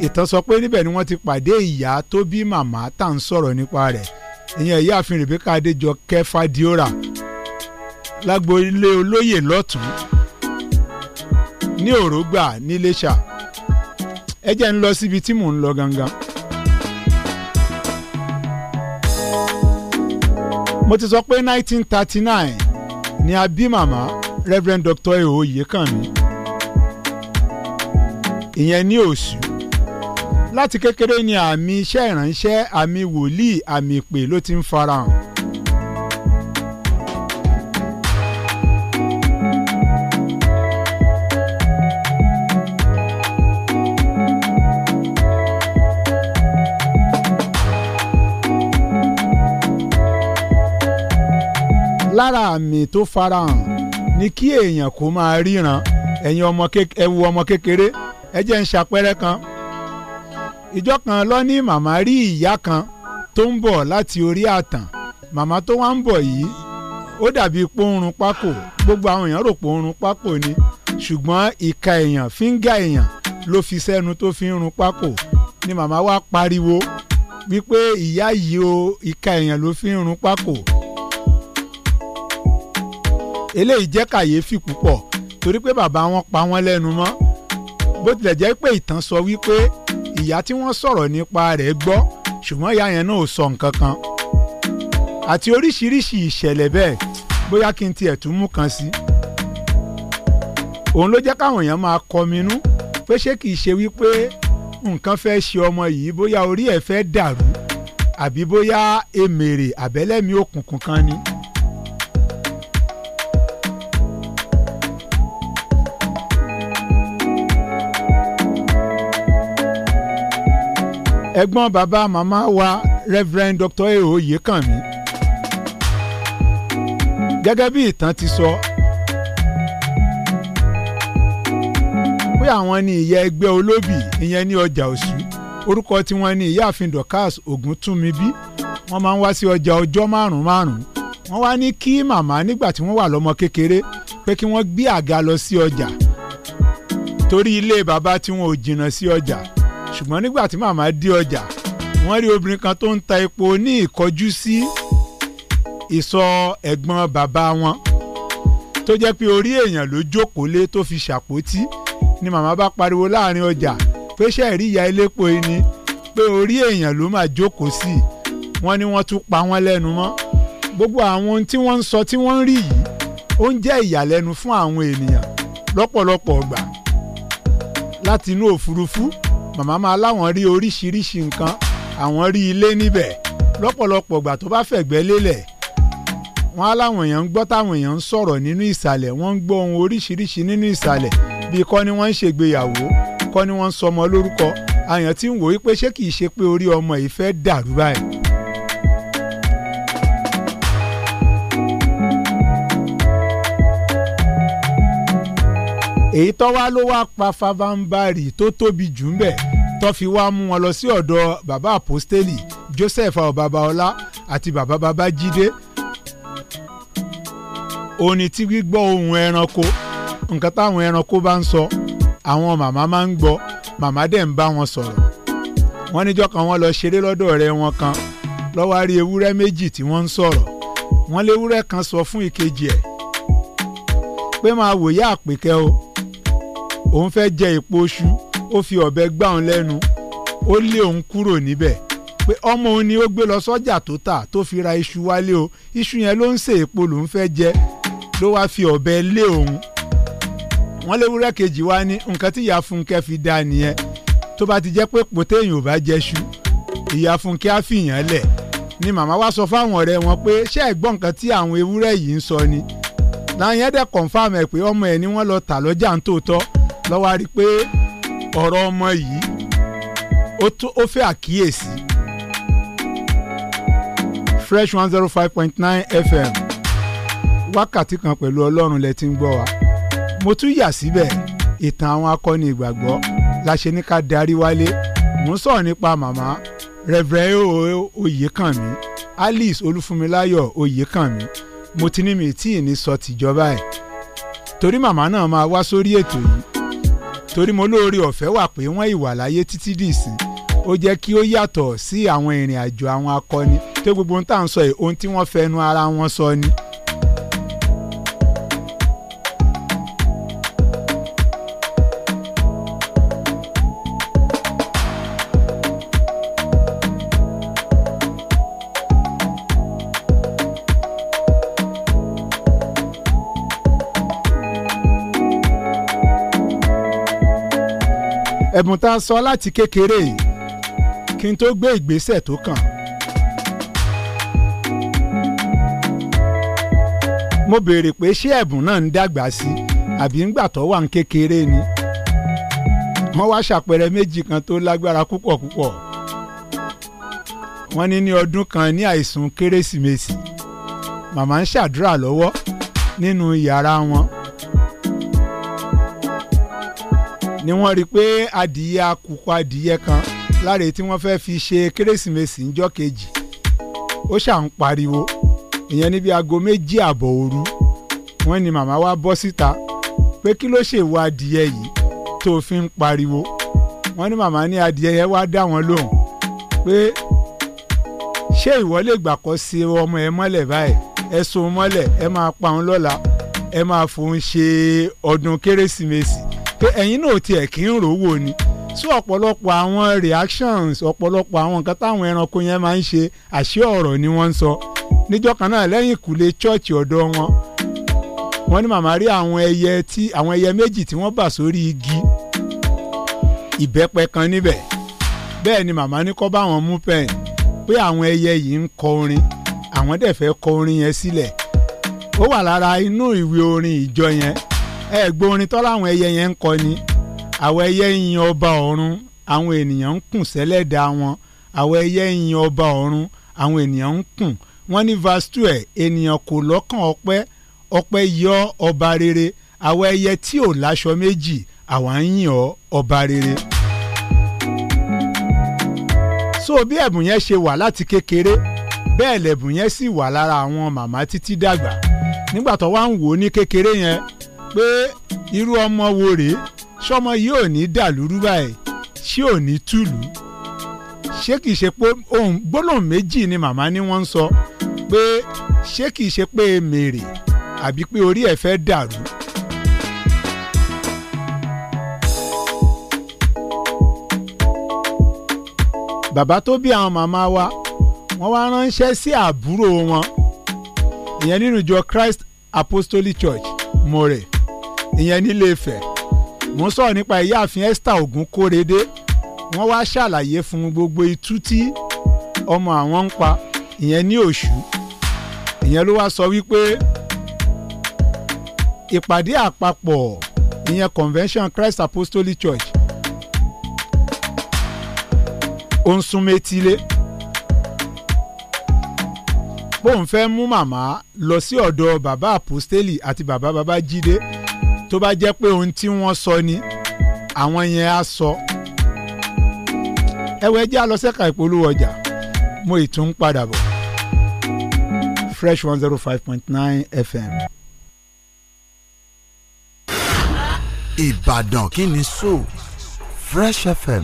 ìtàn sọ pé níbẹ̀ ni wọ́n ti pàdé ìyá tó bí màmá tá à ń sọ̀rọ̀ nípa rẹ̀ ìyẹn ìyáàfin Rebecca Adéjọkẹ́ Fádíórà lágbo ilé olóyè lọ́tún ní Òrógbà ní Iléṣà ẹ jẹ́ ń lọ síbi tí mò ń lọ gangan. mo ti sọ pé 1939 ni a bí màmá Reverend Dr. eho Oyèkànmí ìyẹn ní òsù láti kékeré ni àmì iṣẹ́ ìránṣẹ́ àmì wòlíì àmì ìpè ló ti ń farahàn lára àmì tó farahàn ni kí èèyàn kó máa ríran ẹ̀yin ọmọ ẹwu ọmọ kékeré ẹ jẹ́ ń ṣàpẹẹrẹ kan ìjọ kan lọ ní màmá rí ìyá kan tó ń bọ̀ láti orí àtàn màmá tó wá ń bọ̀ yìí ó dàbí pòórùn pákò gbogbo àwọn èèyàn rò pòórùn pákò ni ṣùgbọ́n ìka èèyàn fíńgà èèyàn ló fi sẹ́nu tó fi ń run pákò ni màmá wa pariwo wípé ìyá yìí o ìka èèyàn ló fi ń run pákò eléyìí jẹ́ kàyéfì púpọ̀ torí pé bàbá wọn pa wọ́n lẹ́nu mọ́ bó tilẹ̀ jẹ́ pé ìtàn sọ wípé ìyá tí wọ́n sọ̀rọ̀ nípa rẹ̀ gbọ́ ṣùgbọ́n ìyá yẹn náà ò sọ nǹkan kan àti oríṣiríṣi ìṣẹ̀lẹ̀ bẹ́ẹ̀ bóyá kí n tiẹ̀ tún mú kan sí. òun ló jẹ́ káwọn èèyàn máa kọminú pé ṣé kìí ṣe wípé nǹkan fẹ́ ṣe ọmọ yìí bóyá orí ẹ̀ fẹ́ dàrú àbí bóyá emèrè àbẹ́lẹ́mí òkùnkùn kan ni. ẹ̀gbọ́n bàbá màmá wa Reverend Dr. Eo Yekanmi. gẹ́gẹ́ bí ìtàn ti sọ pé àwọn ni ìyá ẹgbẹ́ olóbì ìyẹn ní ọjà òsù orúkọ tí wọ́n ní ìyáàfin Dorcas Ògúntúnmibí wọ́n máa ń wá sí ọjà ọjọ́ márùn-ún márùn-ún wọ́n wá ní kí màmá nígbà tí wọ́n wà lọ́mọ kékeré pé kí wọ́n gbé àga lọ sí ọjà torí ilé bàbá tí wọn ò jìnnà sí ọjà ṣùgbọ́n nígbà tí màmá dé ọjà wọ́n rí obìnrin kan tó ń ta epo ní ìkọjú sí ìsọ̀ ẹ̀gbọ́n bàbá wọn tó jẹ́ pé orí èèyàn ló jókòó lé tó fi ṣàpótí ni màmá bá pariwo láàrin ọjà pé ṣẹ́ẹ̀rí ìyá elépo yìí ni pé orí èèyàn ló máa jókòó sí i wọ́n ní wọ́n tún pa wọ́n lẹ́nu mọ́ gbogbo àwọn ohun tí wọ́n ń sọ tí wọ́n ń rí yìí ó ń jẹ́ ìyàlẹ́nu fún àwọn ènìyàn lọ́pọ̀lọpọ̀ ọgbà láti òfurufú màmá máa láwọn rí oríṣiríṣi nǹkan àwọn rí ilé níbẹ̀ lọ́pọ̀lọpọ̀ ìgbà tó bá fẹ̀gbẹ́ lélẹ̀ wọ́n á láwọn èèyàn ń gbọ́ táwọn èèyàn ń sọ̀rọ̀ nínú ìsàlẹ̀ wọ́n ń gbọ́ ohun oríṣiríṣi nínú ìsàlẹ̀ bíi kọ́ ni wọ́n ń ṣègbéyàwó kọ́ ni wọ́n ń sọmọ lórúkọ àyàn tí ń wòó pé ṣé kìí ṣe pé orí ọmọ yìí fẹ́ dàrú báyìí èyí tó wá ló wá pa fabambari tó tóbi jù ń bẹ̀ tó fi wá mú wọn lọ sí ọ̀dọ̀ bàbá àpọ́stélì Joseph ọ̀bàbàọlá àti bàbá Babájídé òní tí gbígbọ́ ohùn ẹranko nǹkan táwọn ẹranko bá ń sọ àwọn màmá máa ń gbọ́ màmá dẹ̀ ń bá wọn sọ̀rọ̀ wọ́n níjọ́ kan wọ́n lọ ṣeré lọ́dọ̀ ọ̀rẹ́ wọn kan lọ́wọ́ á ewúrẹ́ méjì tí wọ́n ń sọ̀rọ̀ wọ́n léwúrẹ́ kan sọ fún ìkejì ẹ̀ pé máa wòye àpèkẹ́ o òun fẹ́ jẹ èpo oṣù ó fi ọ̀bẹ gbá òun lẹ́nu ó lé òun kúrò níbẹ̀ pé ọmọ òun ni ó gbé lọ sọ́jà tó tà tó fi ra iṣu wálé o iṣu yẹn ló ń ṣe èpo lòun fẹ́ jẹ ló wáá fi ọ̀bẹ lé òun wọ́n léwúrẹ́ kejì wá ní nǹkan tí ìyá Fúnkẹ́ fi dá nìyẹn tó bá ti jẹ́ pé pòtéèyàn ò bá jẹ́ṣu ìyá Fúnkẹ́ á fìyàn lẹ̀ ni màmá wa sọ fáwọn ọ̀rẹ́ wọn pé ṣé ẹ gbọ́ nǹkan tí àwọn ewúrẹ́ yìí ń sọ ni làwọn yẹn dẹ̀ kọ̀ǹfàmù ẹ̀ pé ọmọ ẹ̀ ni wọ́n lọ tà lọ́jà ń tòótọ́ lọ́wọ́ a rí i pé ọ̀rọ̀ ọmọ yìí ó fẹ́ àkíyèsí fresh one zero oh five point nine fm wákàtí kan pẹ̀lú ọlọ́run lẹ ti ń gbọ́ wa mo tún yà síbẹ̀ ìtàn àwọn akọni ìgbàgbọ́ la ṣe ní ká darí wálé mo ń sọ̀rọ̀ nípa màmá revre oyèkànmí alice olúfúnmiláyọ̀ oyèkànmí mo ti ní mi tí ì ní sọ tìjọba ẹ̀ torí màmá náà máa wá sórí ètò yìí torí mo lóore ọ̀fẹ́ wà pé wọ́n ìwà láyé títí dìsìn ó jẹ́ kí ó yàtọ̀ sí àwọn ìrìn àjò àwọn akọni tó gbogbo ohun tá ń sọ yìí ohun tí wọ́n fẹnu ara wọn sọ ni. ẹ̀bùn tá a sọ láti kékeré kí n tó gbé ìgbésẹ̀ tó kàn. mo béèrè pé ṣé ẹ̀bùn náà ń dàgbà sí àbí ńgbà tó wà ń kékeré ni wọ́n wá ṣàpẹẹrẹ méjì kan tó lágbára púpọ̀ púpọ̀ wọ́n ní ní ọdún kan ní àìsùn kérésìmesì màmá ń ṣàdúrà lọ́wọ́ nínú yàrá wọn. ni wọ́n rí i pé adìyẹ akùkọ adìyẹ kan láre tí wọ́n fẹ́ẹ́ fi ṣe kérésìmesì ńjọ́ kejì ó ṣà ń pariwo ìyẹn níbi aago méjì àbọ̀ òru wọ́n ní màmá wa bọ́ síta pé kí ló ṣèwọ adìyẹ yìí tó fi ń pariwo wọ́n ní màmá ní adìyẹ yẹn wá dá wọn lóhùn pé ṣé ìwọ lè gbàkọ́ sí ọmọ ẹ mọ́lẹ̀ báyìí ẹ so mọ́lẹ̀ ẹ máa pa òun lọ́la ẹ máa fòun ṣe ọdún kérésìmesì pé ẹ̀yin náà tiẹ̀ kí ń rówó ni sí ọ̀pọ̀lọpọ̀ àwọn reactions ọ̀pọ̀lọpọ̀ àwọn nǹkan táwọn ẹranko yẹn máa ń ṣe àṣé ọ̀rọ̀ ni wọ́n ń sọ níjọ́ kan náà lẹ́yìn ìkùlé chọ́ọ̀chì ọ̀dọ̀ wọn wọ́n ní màmá rí àwọn ẹyẹ tí àwọn ẹyẹ méjì tí wọ́n bà sórí igi ìbẹ́pẹ kan níbẹ̀ bẹ́ẹ̀ ni màmá ní kọ́ bá wọn mú pẹ́ẹ́n pé àwọn ẹyẹ yìí ń kọ orin àwọn dẹ̀ fẹ́ kọ orin yẹn sílẹ̀ ó wà lára inú ìwé orin ìjọ yẹn ẹ gbórin tọ́ láwọn ẹyẹ yẹn ń kọ ni àwọn ẹyẹ ń yin ọba ọ̀run àwọn ènìyàn ń kùn sẹ́lẹ̀dá wọn àwọn ẹyẹ ń ọba ọ̀run àwọn ènìyàn ń kùn wọ́n ní verse ẹ̀ ènìyàn kò lọ́kàn ọpẹ́ ọpẹ́ yọ ọba rere àwọn ẹyẹ tí ò láṣọ méjì àwa ń yìn ọba rere. so bí ẹ̀bùn yẹn ṣe wà láti kékeré bẹ́ẹ̀ lẹ̀bùn yẹn sì wà lára àwọn màmá títí dàgbà nígbà tó wá ń wò ó ní kékeré yẹn pé irú ọmọ wo rèé sọmọ yìí ò ní dàlúrú báyìí ṣé ò ní túlù ṣé kìí ṣe pé ohun gbólóhùn méjì ni màmá ní wọ́n ń sọ pé ṣé kìí ṣe pé mèrè àbí pé orí ẹ̀ fẹ́ dàrú. bàbá tó bí àwọn màmá wa wọ́n wá ránṣẹ́ sí àbúrò wọn ìyẹn nínú ìjọ Christ Apostolic Church More ìyẹn nílé Ifẹ̀ mò ń sọ̀rọ̀ nípa ìyáàfin Esther Ogunkorede wọ́n wá ṣàlàyé fún gbogbo itú tí ọmọ àwọn ń pa ìyẹn ní Ọ̀ṣù ìyẹn ló wá sọ wípé ìpàdé àpapọ̀ ìyẹn Convention Christ Apostolic Church onsumetile. ń sún métílé bóun fẹ́ mú màmá lọ sí ọ̀dọ̀ bàbá àpòstélì àti bàbá bàbá jíde tó bá jẹ́ pé ohun tí wọ́n sọ ni àwọn yẹn á sọ. ẹ̀wẹ̀ jẹ́ àlọ́sẹ̀ka ìpolówó ọjà mo ìtún padà bọ̀ fresh one zero oh five point nine fm. ìbàdàn kí ni so fresh fm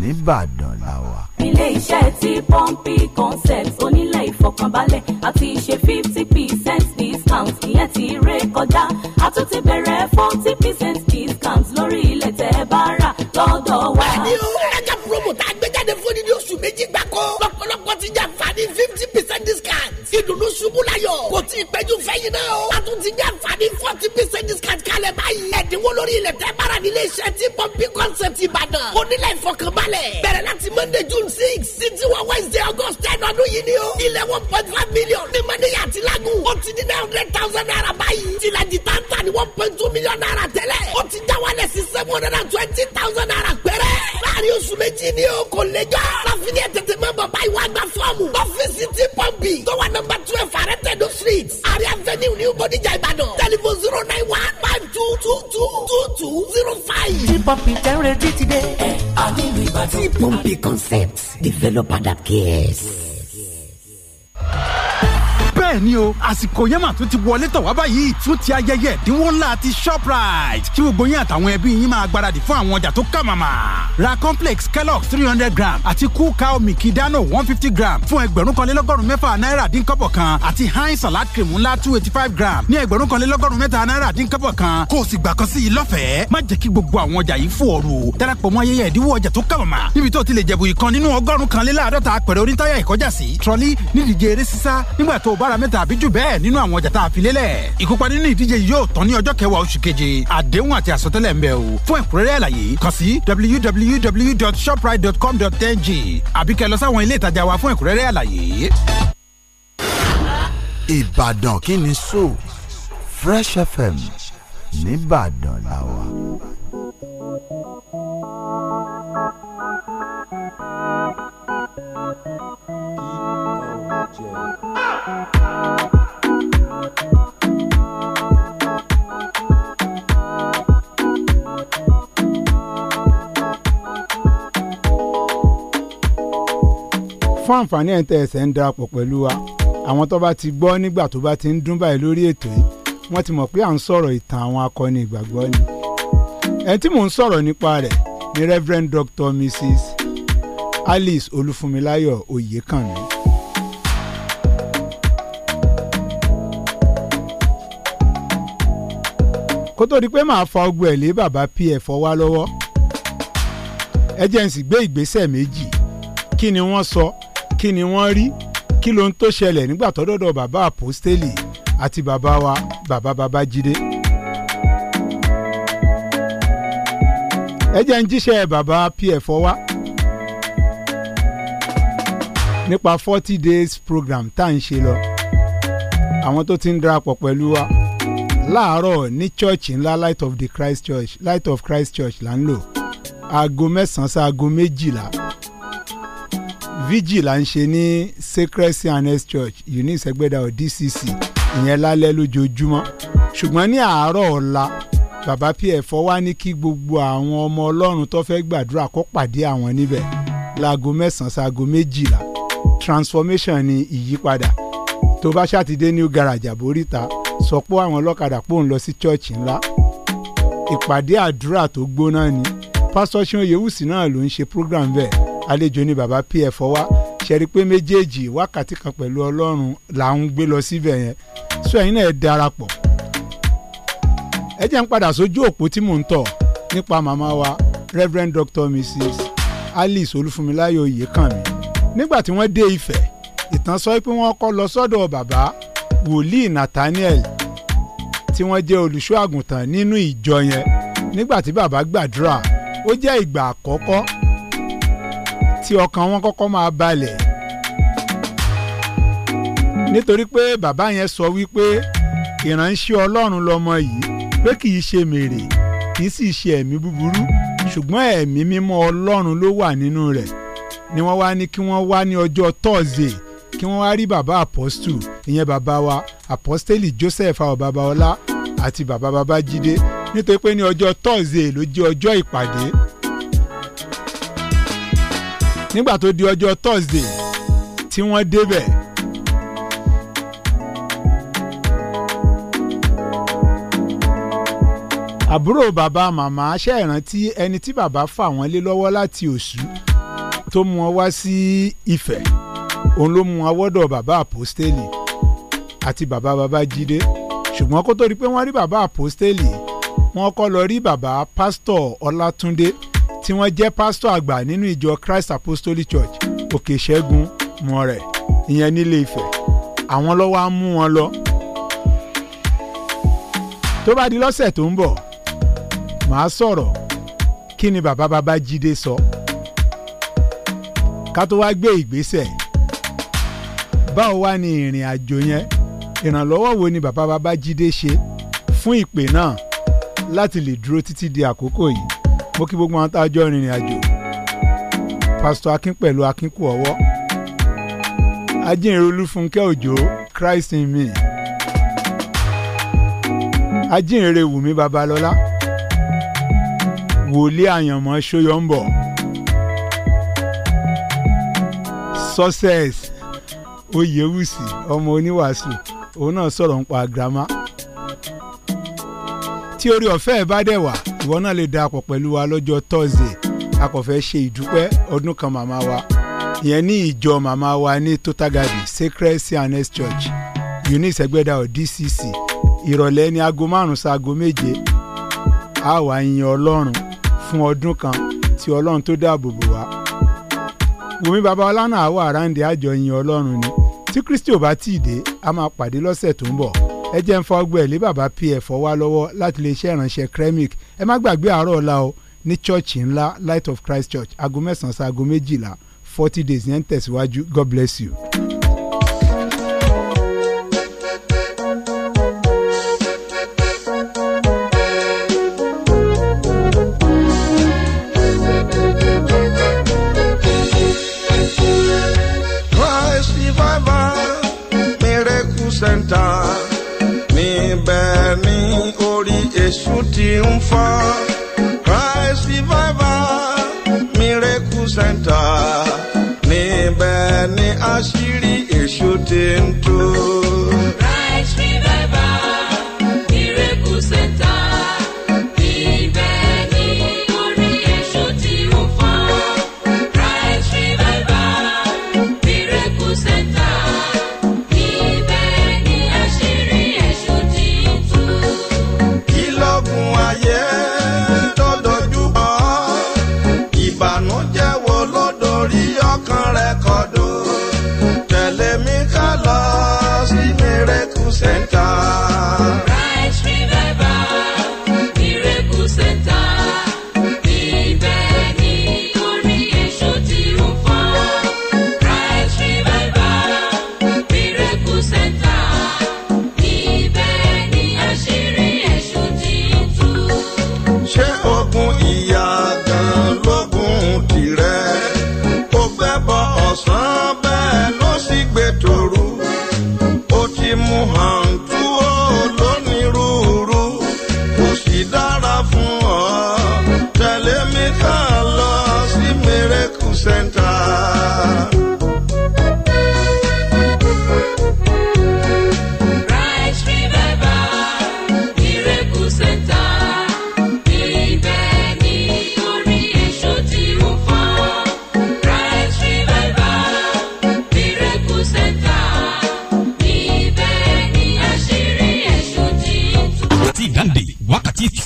nìbàdàn làwà ilé iṣẹ́ ti pọ́ǹpì concept onílẹ̀ ìfọkànbalẹ̀ àti ṣe fifty percent discount ìyẹn ti ré kọjá a tún ti bẹ̀rẹ̀ forty percent discount lórí ilẹ̀ tẹ́ bá rà lọ́dọ̀ wa. ẹni o ẹja promo tá a gbé jáde fún ní oṣù méjì gbáko lọ́pọ̀lọpọ̀ ti jàǹfààní fifty percent discount ìdùnnú ṣubú láyọ̀ kò tí ì pẹ́jù fẹ́yìn náà o. a tún ti ní àǹfààní forty percent discount kalẹ̀ báyìí. ẹ̀dínwó lórí ilẹ̀ tẹ́ bára nílé iṣẹ́ tí pọ́ńpì concept Ìbàdàn. onílẹ̀ ìfọkànbalẹ̀ bẹ̀rẹ̀ láti Monday June six sí tiwọn wednesday august ten ọdún yìí ni o. ilẹ̀ one point five million ní mọ́níyà àti lágùn. ó ti di nine hundred thousand naira báyìí. tìlàjì tàǹtà ni one point two million naira tẹ́lẹ̀. ó ti já wálẹ̀ sí seven hundred and twenty thousand naira péré. láàrin oṣù méjì ni o kò lè jọ. láfíní ẹ̀ tètè mọ́ bàbá ìwà àgbà fọ́ọ̀mù. ọ́fíìsì ti pọ́ǹpì tó wà nọ́mbà twelve arẹ́tẹ̀dó street. àrí avenue new bodijà ìbàdàn. tẹlifon zero nine one five two two two two two zero five. ti pọ́ǹpì tẹ́rẹ̀ títí dé. ẹ àní ìlú ìbàdàn. ti concept developer that cares. bẹ́ẹ̀ ni o àsìkò yẹn mà tún ti wọlé tọ̀ wá báyìí tún ti ayẹyẹ ẹ̀dínwó ńlá ti shoprite kí gbogbo yín àtàwọn ẹbí yín máa gbáradì fún àwọn ọjà tó kà màmá ra complex Kellogg three hundred gram àti cool cow milky dano one fifty gram fún ẹgbẹ̀rún kan lé lọ́gọ́rùn mẹ́fà náírà dín kọ́bọ̀ kan àti heinz salad cream ńlá two eighty five gram ní ẹgbẹ̀rún kan lé lọ́gọ́rùn mẹ́ta náírà dín kọ́bọ̀ kan kó o sì gbà kan sí i lọ́fẹ̀ẹ́ má jẹ́ kí gbogbo àwọn ọjà yìí fò ooru darapọ̀ mọ́ ayẹyẹ ẹ̀dínwó ọjà tó kà màmá níbi tó ti lè mẹ́ta àbí jù bẹ́ẹ̀ nínú àwọn ọjà tá a fi lélẹ̀. ìkópa nínú ìdíje yóò tán ní ọjọ́ kẹwàá oṣù keje àdéhùn àti àsọtẹ́lẹ̀ ń bẹ o fún ẹ̀kúnrẹ́rẹ́ àlàyé kàn sí www.shoprite.com.ng àbí kẹ́ lọ sáwọn ilé ìtajà wa fún ẹ̀kúnrẹ́rẹ́ àlàyé. Ìbàdàn kí ni so Fresh FM nìbàdàn làwà. Yeah fún àǹfààní ẹ̀ńtẹ́ ẹ̀sẹ̀ ń darapọ̀ pẹ̀lú wa àwọn tó bá ti gbọ́ nígbà tó bá ti ń dún báyìí lórí ètò yìí wọ́n ti mọ̀ pé à ń sọ̀rọ̀ ìtàn àwọn akọni ìgbàgbọ́ ni ẹni tí mò ń sọ̀rọ̀ nípa rẹ̀ ni Reverend Dr. Mrs. Alice Olúfúnmiláyọ̀ Oyèkànmí kó tó di pé màá fa ọgbọ ẹ̀ lé bàbá pf wá lọ́wọ́ agency gbé ìgbésẹ̀ méjì kí ni wọ́n sọ kí ni wọ́n rí kí ló ń tó ṣẹlẹ̀ nígbà tó bàbá àpòstélì àti bàbá wa bàbá Babájídé. ẹ jẹ́ ń jíṣẹ́ bàbá pf wá nípa forty days program tá à ń ṣe lọ àwọn tó ti ń darapọ̀ pẹ̀lú wa láàárọ̀ ní chọ́ọ̀chì ńlá light of the christ church light of christ church là ń lò aago mẹ́sàn-án sí aago méjìlá vigil là ń ṣe ní sacred cns church eunice ẹgbẹ́dà ọ̀ dcc ìyẹn lálẹ́ lójoojúmọ́ ṣùgbọ́n ní àárọ̀ ọ̀la bàbá pf wá ní kí gbogbo àwọn ọmọ ọlọ́run tó fẹ́ gbàdúrà kó pàdé àwọn níbẹ̀ láago mẹ́sàn-án sáago méjìlá transformation ni ìyípadà tó bá ṣàtidé new garage àbóríta sọ pé àwọn ọlọ́kadà pò ń lọ sí chọ́ọ̀chì ńlá ìpàdé àdúrà tó gbóná ni pásítọ̀ ṣé oyèwùsì náà ló ń ṣe program bẹ́ẹ̀ àlejò ni bàbá pf wá ṣẹ́rí pé méjèèjì wákàtí kan pẹ̀lú ọlọ́run là ń gbé lọ síbẹ̀ yẹn sọ ẹ̀yin náà ẹ darapọ̀ ẹ jẹ́ ń padà sójú òpó tí mò ń tọ̀ nípa màmá wa rev dr mrs alice olúfúnmiláyọ̀ oyèkànmí nígbà tí wọ́n dé Ifẹ̀ ìtàn sọ pé wọ́n kọ́ lọ sọ́dọ̀ bàbá wòlíì Nathaniel tí wọ́n jẹ́ olùṣọ́ àgùntàn nínú ìjọ yẹn nígbà tí bàbá gbàdúrà ó jẹ́ ìgbà àkọ́kọ́ tí ọkàn wọn kọ́kọ́ máa balẹ̀ nítorí pé bàbá yẹn sọ wípé ìránṣẹ́ Ọlọ́run lọmọ yìí pé kì í ṣe mèrè kì í sì ṣe ẹ̀mí búburú ṣùgbọ́n ẹ̀mí mímọ́ Ọlọ́run ló wà nínú rẹ̀ ni wọ́n wá ní kí wọ́n wá ní ọjọ́ tọ́sídẹ̀ẹ́ kí wọ́n wá rí bàbá àpọ́stù ìyẹn bàbá wa àpọ́stẹ́lì Joseph àwọn bàbá ọlá àti bàbá bàbá jídé nítorí pé ní ọjọ́ tọ́sídẹ̀ẹ́ ló jẹ́ ọjọ́ ìpàdé nígbà tó di ọjọ́ tọ́sídẹ̀ẹ́ tí wọ́n débẹ̀ àbúrò bàbá màmá ṣe ìrántí ẹni tí bàbá fà wọ́n lé lọ́wọ́ láti Òṣù tó mú wọn wá sí Ifẹ̀ òun ló mú awọ́dọ̀ bàbá àpòstélì àti bàbá babájídé ṣùgbọ́n kó tó di pé wọ́n rí bàbá àpòstélì wọ́n kọ́ lọ rí bàbá pásítọ̀ ọlátúndé tí wọ́n jẹ́ pásítọ̀ àgbà nínú ìjọ christ apostolic church òkè ṣẹ́gun mọ̀rẹ̀ ìyẹn nílé ifẹ̀ àwọn ló wá mú wọn lọ. tó bá di lọ́sẹ̀ tó ń bọ̀ màá sọ̀rọ̀ kí ni bàbá babájídé sọ ká tó wá gbé ìgbésẹ̀ yìí báwo wá ní ìrìn àjò yẹn ìrànlọ́wọ́ wo ni bàbá Babájídé ṣe fún ìpè náà láti lè dúró títí di àkókò yìí mo kí gbogbo àwọn tá a jọ rìnrìn àjò pásítọ̀ Akin pẹ̀lú Akin kú ọwọ́ ajínrere Olúfúnkẹ́ Òjó Christ in me ajínrere Wùmí Babalọ́lá wòlíì àyànmọ́ Ṣóyọ̀ǹbọ̀ success oyewusi ọmọ oníwàásù òun náà sọ̀rọ̀ ń pa girama tí orí ọ̀fẹ́ ẹ̀ bá dẹ̀ wà ìwọ náà lè darapọ̀ pẹ̀lú wa lọ́jọ́ thursday a kò fẹ́ ṣe ìdúpẹ́ ọdún kan màmá wa ìyẹn ní ìjọ màmá wa ní total garden sacred cns church eunice ẹgbẹ́dà ọ̀ dcc ìrọ̀lẹ́ ní aago márùn-ún sí aago méje a wà yin ọlọ́run fún ọdún kan tí ọlọ́run tó dáàbò bò wá wùmí babaọlá náà wà ráǹdì àjọ yin ọlọ́run ni tí kristi ò bá tí ì dé a máa pàdé lọ́sẹ̀ tó ń bọ̀ ẹ jẹ́ ń fa ọgbẹ́ ilé bàbá pf wá lọ́wọ́ láti lè iṣẹ́ ìránṣẹ́ kremik ẹ má gbàgbé àárọ̀ ọ̀la o ní chọ́ọ̀chì ńlá light of christ church aago mẹ́sàn-án sí aago méjìlá forty days yẹn ń tẹ̀síwájú god bless you. triunfar.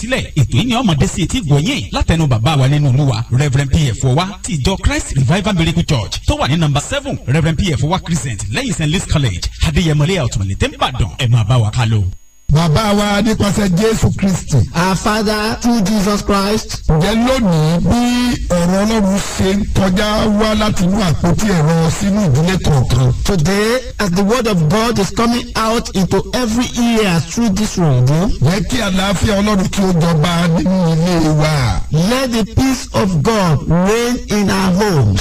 sílẹ̀ ètò yìí ni ọmọ dé sí etí gbọ̀nyìn látẹnu bàbá wa nínú olúwa reverend pf wa ti ìjọ christ revival miracle church tó wà ní number seven reverend pf wa crescent lẹ́yìn st louis college adéyẹmọlẹ́yà ọ̀túnmọ̀lẹ́tẹ̀ ń bàdàn ẹ̀ máa bá wa ká Bàbá wa nípasẹ̀ Jésù Kristi. Our father through Jesus Christ. Ǹjẹ́ lónìí bí ọ̀rọ̀ Ọlọ́run ṣe ń kọjá wá láti inú àpótí ẹ̀rọ sínú ìdílé kọ̀ọ̀kan. Today as the word of God is coming out into every ear through this radio. Jẹ́ kí àlàáfíà Ọlọ́run ó jọba nínú ilé wa. Let the peace of God reign in our homes.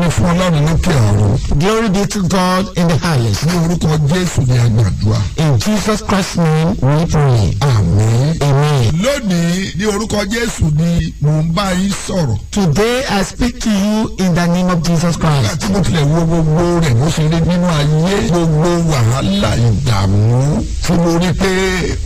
ni fún Ọlọ́run lókè ọ̀run. Glory be to God in the highest. Ní orúkọ Jésù ni a gbàdúrà. In Jesus Christ. fún nítorí àmì ẹ̀mí. lónìí ní orúkọ jésù ni mò ń bá yín sọ̀rọ̀. today i speak to you in the name of jesus christ. àti mo tilẹ̀ wo gbogbo rẹ̀ mo ṣe rí nínú ayé gbogbo wàhálà ìdààmú tí mo rí pé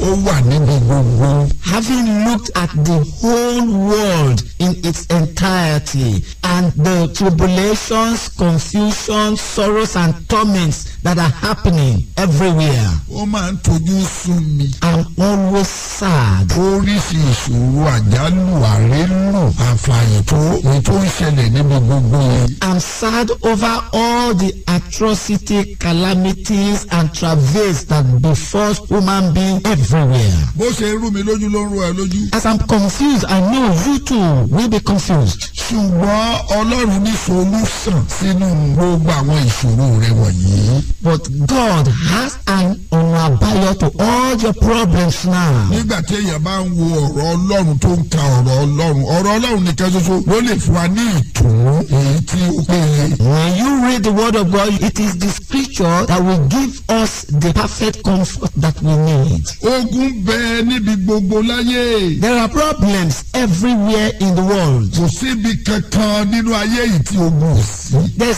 ó wà níbi gbogbo. having looked at the whole world in its entirety and the tribulations confusion, sorrows and torments that are happening everywhere. ó máa ń tojú sún mi. I'm always sad. oríṣi ìṣòro àjálù àrélù àfààyè tó tó ń ṣẹlẹ̀ níbi gbogbo yìí. I'm sad over all the atrocity calamities and travails that befall human beings everywhere. bó ṣe rú mi lójú ló ń rú ẹ lójú. As I'm confused, I know you too will be confused. ṣùgbọ́n ọlọ́run ní solúsàn sínú gbogbo àwọn ìṣòro rẹ wọ̀nyí. But God has an ọ̀nà àbáyọ to all your problems now. Nígbà tí èèyàn bá ń wo ọ̀rọ̀ Ọlọ́run tó ń ka ọ̀rọ̀ Ọlọ́run ọ̀rọ̀ Ọlọ́run nìkan ṣoṣo ló lè fún wa ní ìtùnú. When you read the word of God, it is the scripture that will give us the perfect comfort that we need. There are problems everywhere in the world. There's síbi kankan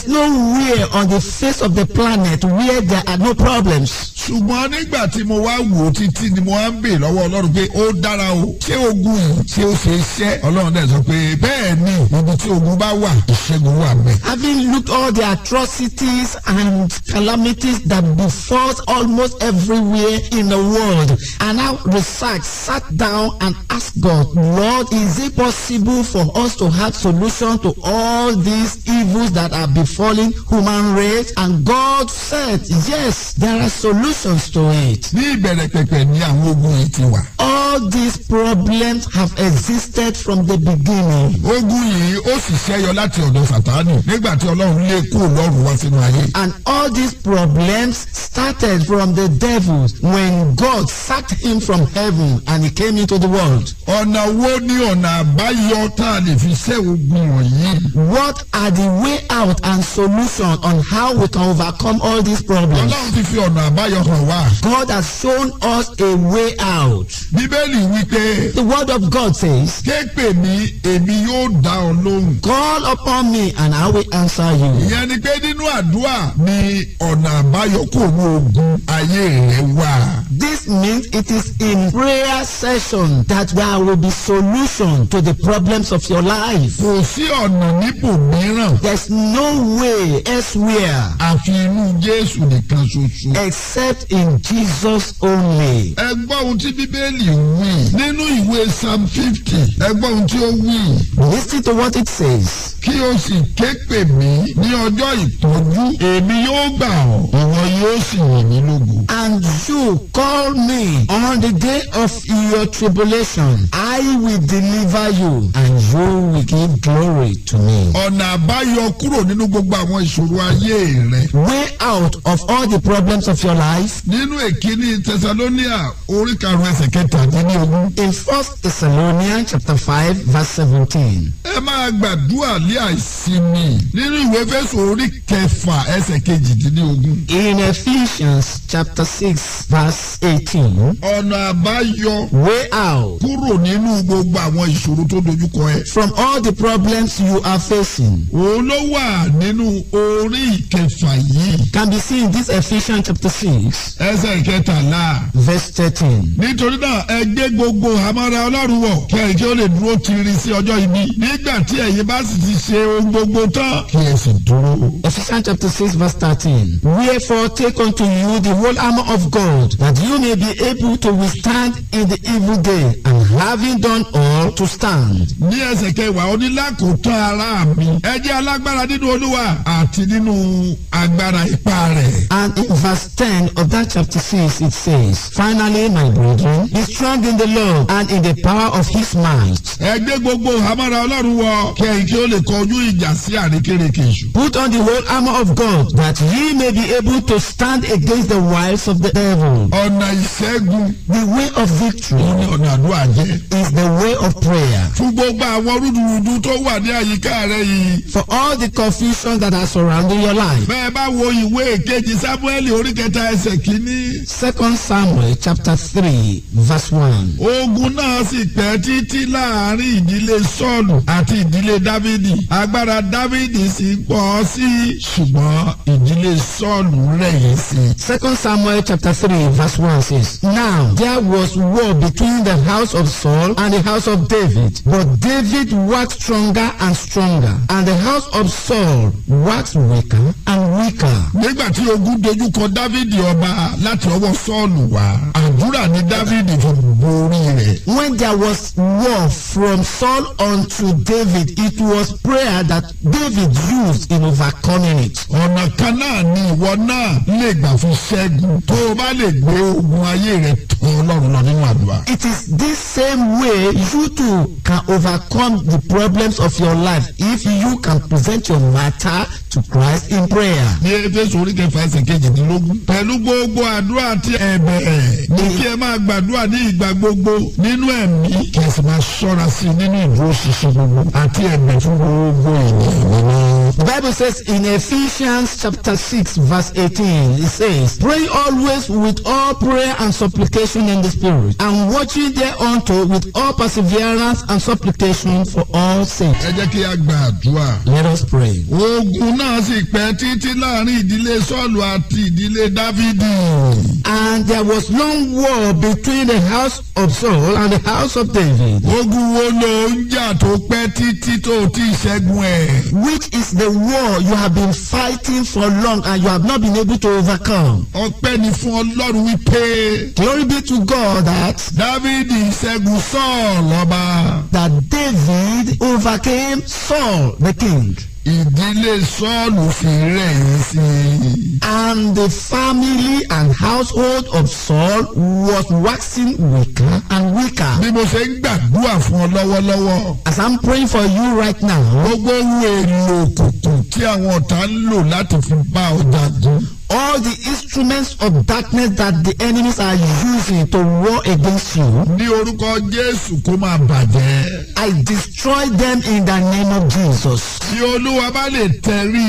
nowhere on the face of the planet where there are no problems. Ṣùgbọ́n nígbà tí mo wá wò ó títí ni mo wá ń bè lọ́wọ́ Ọlọ́run pé ó dára o. Ṣé ogun yìí ṣé ó ṣe é Ọlọ́run dẹ̀ sọ pé bẹ́ẹ̀ ni ibi tí ogun bá wà Having looked all the atrocities and calamities that befall almost everywhere in the world, and now research sat down and asked God, Lord, is it possible for us to have solution to all these evils that are befalling human race? And God said, yes, there are solutions to it. Ní ìbẹ̀rẹ̀ pẹ̀pẹ̀ ni àwọn ogun yìí ti wà. All these problems have existed from the beginning. Ogun yìí ó sì ṣẹ́yọ láti láti ọ̀dọ̀ nígbà tí ọlọ́run lé kú lọ́rùn wá sínú ayé. and all these problems started from the devil when God sacked him from heaven and he came into the world. ọ̀nà wo ni ọ̀nà àbáyọ tá a lè fi ṣe ogun wọ̀nyí. what are the way out and solution on how we can overcome all these problems. ọlọ́run ti fi ọ̀nà àbáyọ hàn wá. God has shown us a way out. bíbélì wípé. the word of God says. képe mi èmi yóò dá ọ lóhùn. call upon call me and I will answer you. ìyẹn pé nínú àdúrà ni ọ̀nà àbáyọ ní ogun ayé rẹ wà. this means it is in prayer session that there will be solution to the problems of your life. kò sí ọ̀nà níbòmíràn. there is no way elsewhere. àfi inú Jésù nìkan ṣoṣo. except in Jesus only. ẹ gbọ́ ohun tí Bíbélì wí nínú ìwé Psalm fifty ẹ gbọ́ ohun tí ó wí. listen to what it says. kí o sì ké pè ní ọjọ́ ìtọ́jú èmi yóò gbà ọ́ ìwọ yóò sì yìn mí lógo. and you call me on the day of your tribulation I will deliver you and you will give glory to me. ọ̀nà àbáyọ kúrò nínú gbogbo àwọn ìṣòro ayé rẹ. way out of all the problems of your life. nínú èkíní Thessalonia orí karùn-ún ẹsẹ̀ kẹtàdínlógún. in first Thessalonians chapter five verse seventeen. ẹ máa gbàdúrà lé àyè àìsinmi nínú ìwé Éfésù orí kẹfà ẹsẹ̀ kejìdínlógún. in Ephesians chapter six verse eighteen. ọ̀nà àbáyọ. way out. kúrò nínú gbogbo àwọn ìṣòro tó dojúkọ ẹ. from all the problems you are facing. òun ló wà nínú orí ìkẹfà yìí. can be seen this Ephesians chapter six. ẹsẹ̀ kẹtàlá. verse thirteen. nítorí náà ẹ gbogbo àmọ́ra Ọlọ́run wọ̀ kí kí ó lè dúró tiri sí ọjọ́ ibi nígbà tí ẹ̀yin bá sì ti ṣe ohun gbogbo tán. kí ẹ sì dúró. Ephesians chapter six verse thirteen. Wherefore take unto you the whole armour of God that you may be able to withstand in the evil day and having done all to stand. Ní ẹsẹ̀ kẹwàá ó ara mi. Ẹ jẹ́ alágbára nínú Olúwa àti nínú agbára ipá rẹ̀. And in verse ten of that chapter six it says, Finally, my brethren, be strong in the Lord and in the power of his might. Ẹ gbé gbogbo ìhámọ́ra Ọlọ́run wọ kẹ́yìn kí ó lè kọ́ kọjú ìjà sí àrékérekè èṣù. Put on the whole armour of God that ye may be able to stand against the wiles of the devil. Ọ̀nà ìṣẹ́gun. The way of victory. Ó ní ọ̀nà àdúrà jẹ́. Is the way of prayer. Fún gbogbo àwọn rúdurùdu tó wà ní àyíká rẹ yìí. For all the confusion that are surrounding your life. Bẹ́ẹ̀ bá wo ìwé ìkejì Sámúẹ́lì orí kẹta ẹsẹ̀ kìíní. Second Samuel chapter three verse one. Ogun náà sì pẹ́ títí láàárín ìdílé Sọ́ọ̀lù àti ìdílé Dávidi agbára dávidi sì pọ̀ sí ṣùgbọ́n ìdílé sọ́ọ̀lù rẹ̀ yìí sí. second samuel chapter three verse one says now there was war between the house of saul and the house of david but david waxed stronger and stronger and the house of saul waxed weaker and weaker. nígbà tí ogun dojú kọ dávidi ọba láti ọwọ́ sọ́ọ̀lù wá àdúrà ni dávidi fi borí rẹ̀. when there was war from saul unto david it was prayer prayer that David used in overcoming it. Ọ̀nà kan náà ni ìwọ náà lè gbà fún ṣẹ́gun tó o bá lè gbé ogun ayé rẹ̀ tó Ọlọ́run lọ nínú àdúrà. It is this same way you too can overcome the problems of your life if you can present your matter to Christ in prayer. Ní Éfésù orí kẹfà ẹsẹ̀ kejìdínlógún. Pẹ̀lú gbogbo àdúrà àti ẹ̀bẹ̀ ẹ̀. Mo kí ẹ máa gbàdúrà ní ìgbà gbogbo nínú ẹ̀mí. Kí ẹ sì máa ṣọ́ra sí i nínú ìdúróṣinṣin gbogbo àti ẹ̀bẹ̀ fún gbogbo ènìyàn nínú. The Bible says in Ephesians chapter six verse eighteen it says pray always with all prayer and supplication in the spirit and watching thereunto with all perseverance and supplication for all saints. Ẹ jẹ́ kí a gbàdúrà. Let us pray. Ogun náà sì pẹ́ títí láàrin ìdílé Sọ́ọ̀lù àti ìdílé Dávidi. And there was long war between the house of Saul and the house of David. Ogun wo ló ń jà tó pẹ́ títí tó ti ṣẹ́gun ẹ̀? Which is the war you have been fighting for long and you have not been able to overcome? Ọpẹ́ ni fún Ọlọ́run wípé. Glory be to God that. Dávidi ṣẹ́gun Saul ọba. That David overcame Saul the king ìdílé sọ́ọ̀lù fi rẹ̀ sí i. and the family and household of Saul was waxing weaker and weaker. bí mo ṣe ń gbàdúrà fún ọ lọ́wọ́lọ́wọ́. as I'm praying for you right now. gbogbo ohun èlò òkùnkùn tí àwọn ọ̀tá ń lò láti fi bá ọ jagun all the instruments of darkness that the enemies are using to war against you. ní orúkọ Jésù kó máa bàjẹ́. I destroy them in the name of Jesus. Tí Olúwa bá lè tẹ̀rí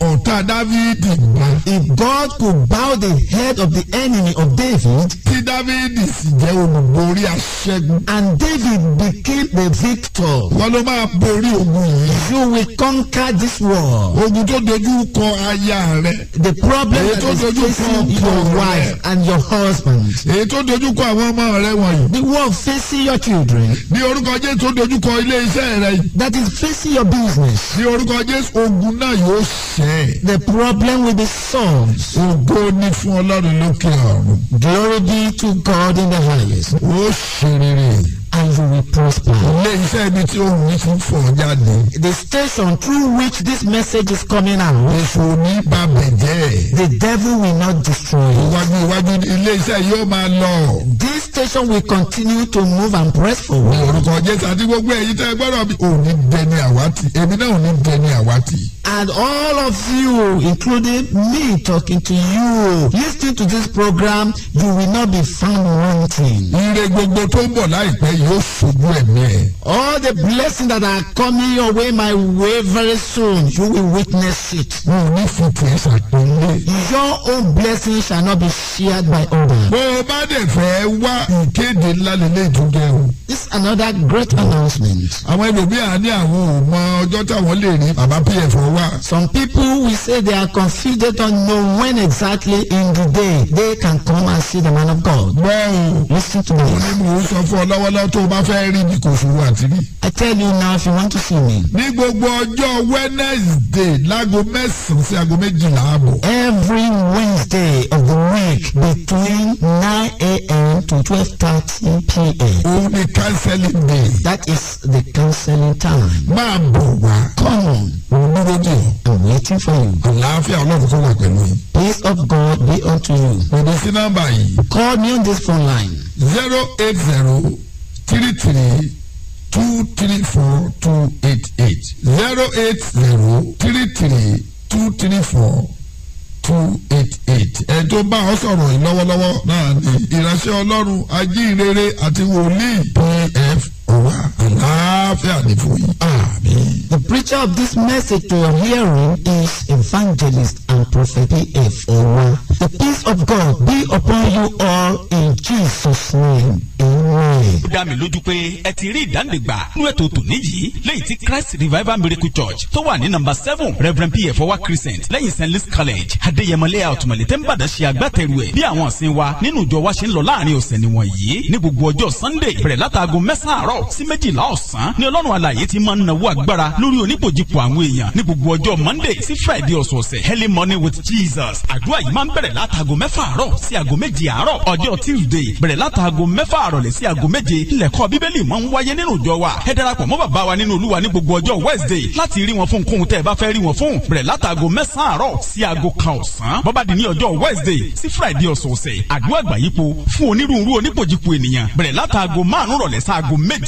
ọ̀tá Dávidi gbà. If God could bow the head of the enemy of David. Tí Dávidi sì jẹ́ olùborí aṣẹ́gun. And David became the victor. Wọ́n ló máa borí ogun yìí. You will conquer this war. Ogun tó dojú kọ aya rẹ. The problem èyí tó facing your wife and your husband. èyí tó àwọn ọmọ rẹ wọ̀nyí. the one facing your children. ní orúkọ Jésù tó ilé iṣẹ́ rẹ. that is facing your business. ní orúkọ Jésù ogun náà yóò ṣẹ. the problem will be solved. ògo ni fún Ọlọ́run lókè ọ̀run. glory be to God in the highest. ó ṣe rere and you will prosper. Ilé ibi tí òun fún fọ̀ jáde. The station through which this message is coming out. Èso ní bàbẹ̀ jẹ́. The devil will not destroy it. Iwájú iwájú ilé yóò máa lọ. This station will continue to move and press forward. Orúkọ Jésù àti gbogbo ẹ̀yin tẹ́ gbọ́dọ̀ bí. Òní dẹni àwátì, èmi náà ò ní dẹni àwátì. And all of you, including me talking to you, listening to this program, you will not be found wanting. Ire gbogbo tó ń bọ̀ láìpẹ́ yìí yóò fojú ẹ̀mí ẹ̀. all the blessings that are coming your way my way very soon you will witness it. wọn ò ní fún tiẹ̀ ṣàtúnlé. your own blessings shall not be shared by others. bó o bá dẹ̀ fẹ́ wá ìkéde ńlá lélẹ́ ìtúndẹ̀ o. this is another great announcement. àwọn ẹlòmíràn ní àwọn ò ọjọ́ táwọn lè rí bàbá pf wá. some people will say they are confused they don't know when exactly in the day they can come and see the man of God. bẹ́ẹ̀ o. lis ten to me. mo ní mo sọ fún ọ lọ́wọ́lọ́wọ́ tó o bá fẹ́ rí mi kò fowó àti rí. I tell you now if you want to see me. ní gbogbo ọjọ́ Wednesday láago mẹ́sàn-án sí aago méjìlá àbọ̀. Every Wednesday of the week between nine a.m. to twelve thirty p.m. òun ni counseling day. That is the counseling time. máa bọ̀ wá. Come on. olùdókòwò dì ọ́. I'm waiting for you. àlàáfíà ọlọ́run kò wà pẹ̀lú yìí. Peace of God be unto you. kò dé sí nọ́mbà yìí. Call me on this phone line. zero eight zero three three two three four two eight eight zero eight zero three three two three four two eight eight. ẹ tó bá ọ sọ̀rọ̀ yìí lọ́wọ́lọ́wọ́ náà ni ìránṣẹ́ ọlọ́run ajíhìnrere àti wòlíì pf ọ̀wá àlàáfíà ni fún yín. Àmín. The preacher of this message to your hearing is evangelist and prophet P.F. Owa. The peace of God be upon you all in Jesus' name. Amen. Ó dá mi lójú pé ẹ ti rí ìdánidìgbà nínú ètò tòní yìí lẹ́yìn tí Christ Revival Miracle Church tó wà ní nọ́mbà seven Reverend P.F. Owa Crescent lẹ́yìn St. Louis College Adéyẹmọlẹ́ Àtùmọ̀lẹ́ tẹ́ ṣe agbátẹrù ẹ̀ bí àwọn ọ̀sìn wa nínú ìjọ wa ṣe ń lọ láàrin ọ̀sẹ̀ nìwọ̀nyí ní gbogbo ọjọ́ Sunday bẹ̀rẹ̀ látàgùn mẹ́sàn-án àárọ̀ àárọ̀ sí méjìlá ọ̀sán ni ọlọ́run alààyè ti máa ń nawó agbára lórí oníbòjìpò àwọn èèyàn ní gbogbo ọjọ́ monday sí friday ọ̀sọ̀ọ̀sẹ̀ early morning with jesus àdúrà yìí máa ń bẹ̀rẹ̀ látago mẹ́fà àárọ̀ sí ago méje àárọ̀ ọjọ́ tuesday bẹ̀rẹ̀ látago mẹ́fà àrọ̀lẹ́ sí ago méje ilẹ̀kọ́ bíbélì máa ń wáyé nínú ìjọ wa ẹ darapọ̀ mọ́ bàbá wa nínú olúwa ní gbogbo ọjọ́ wednesday láti rí wọn fún kóhun tẹ́ ẹ bá fẹ́ rí wọn fún bẹ̀rẹ̀ látago mẹ́sàn-án àárọ̀ sí ago kan ọ̀sán bọ́bá di ní ọjọ́ wednesday sí friday ọ̀sọ̀ọ̀sẹ̀ àdúrà gbàyípo fún onírúurú oníbòjìpò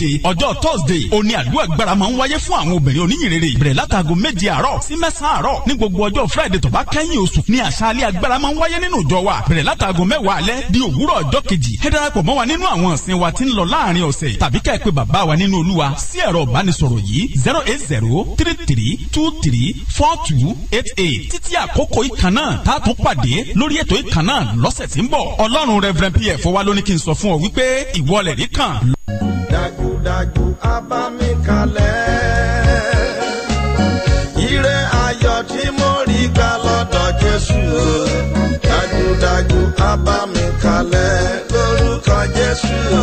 méje ọjọ́ Thursday òní àdúrà gbára máa ń wáyé fún àwọn obìnrin oníyìnrere ìbẹ̀rẹ̀ látago méje àárọ̀ sí mẹ́sàn-án àárọ̀ ní gbogbo ọjọ́ Friday tó bá kẹ́yìn oṣù ní àṣálẹ́ agbára máa ń wáyé nínú ìjọ wa bẹ̀rẹ̀ látago mẹ́wàá alẹ́ di òwúrọ̀ ọjọ́ kejì ẹ darapọ̀ mọ́ wa nínú àwọn ìsìn wa tí ń lọ láàrin ọ̀sẹ̀ tàbí ká ẹ bàbá wa nínú Olúwa sí ẹ̀rọ ìbánisọ̀rọ̀ yìí zero eight zero three three two three four two eight eight títí àkókò ìkan náà tá a tún pàdé lórí ètò ìkan náà lọ́sẹ̀ tí ń bọ̀ ọlọ́run Reverend PF wa ló ní kí n sọ fún ọ wípé ìwọ lẹ̀ ọ̀dájú abámikalẹ̀. Ire ayọ̀ tí mo rí gbà lọ́dọ̀ Jésù dájúdájú abámikalẹ̀ lórúkọ Jésù.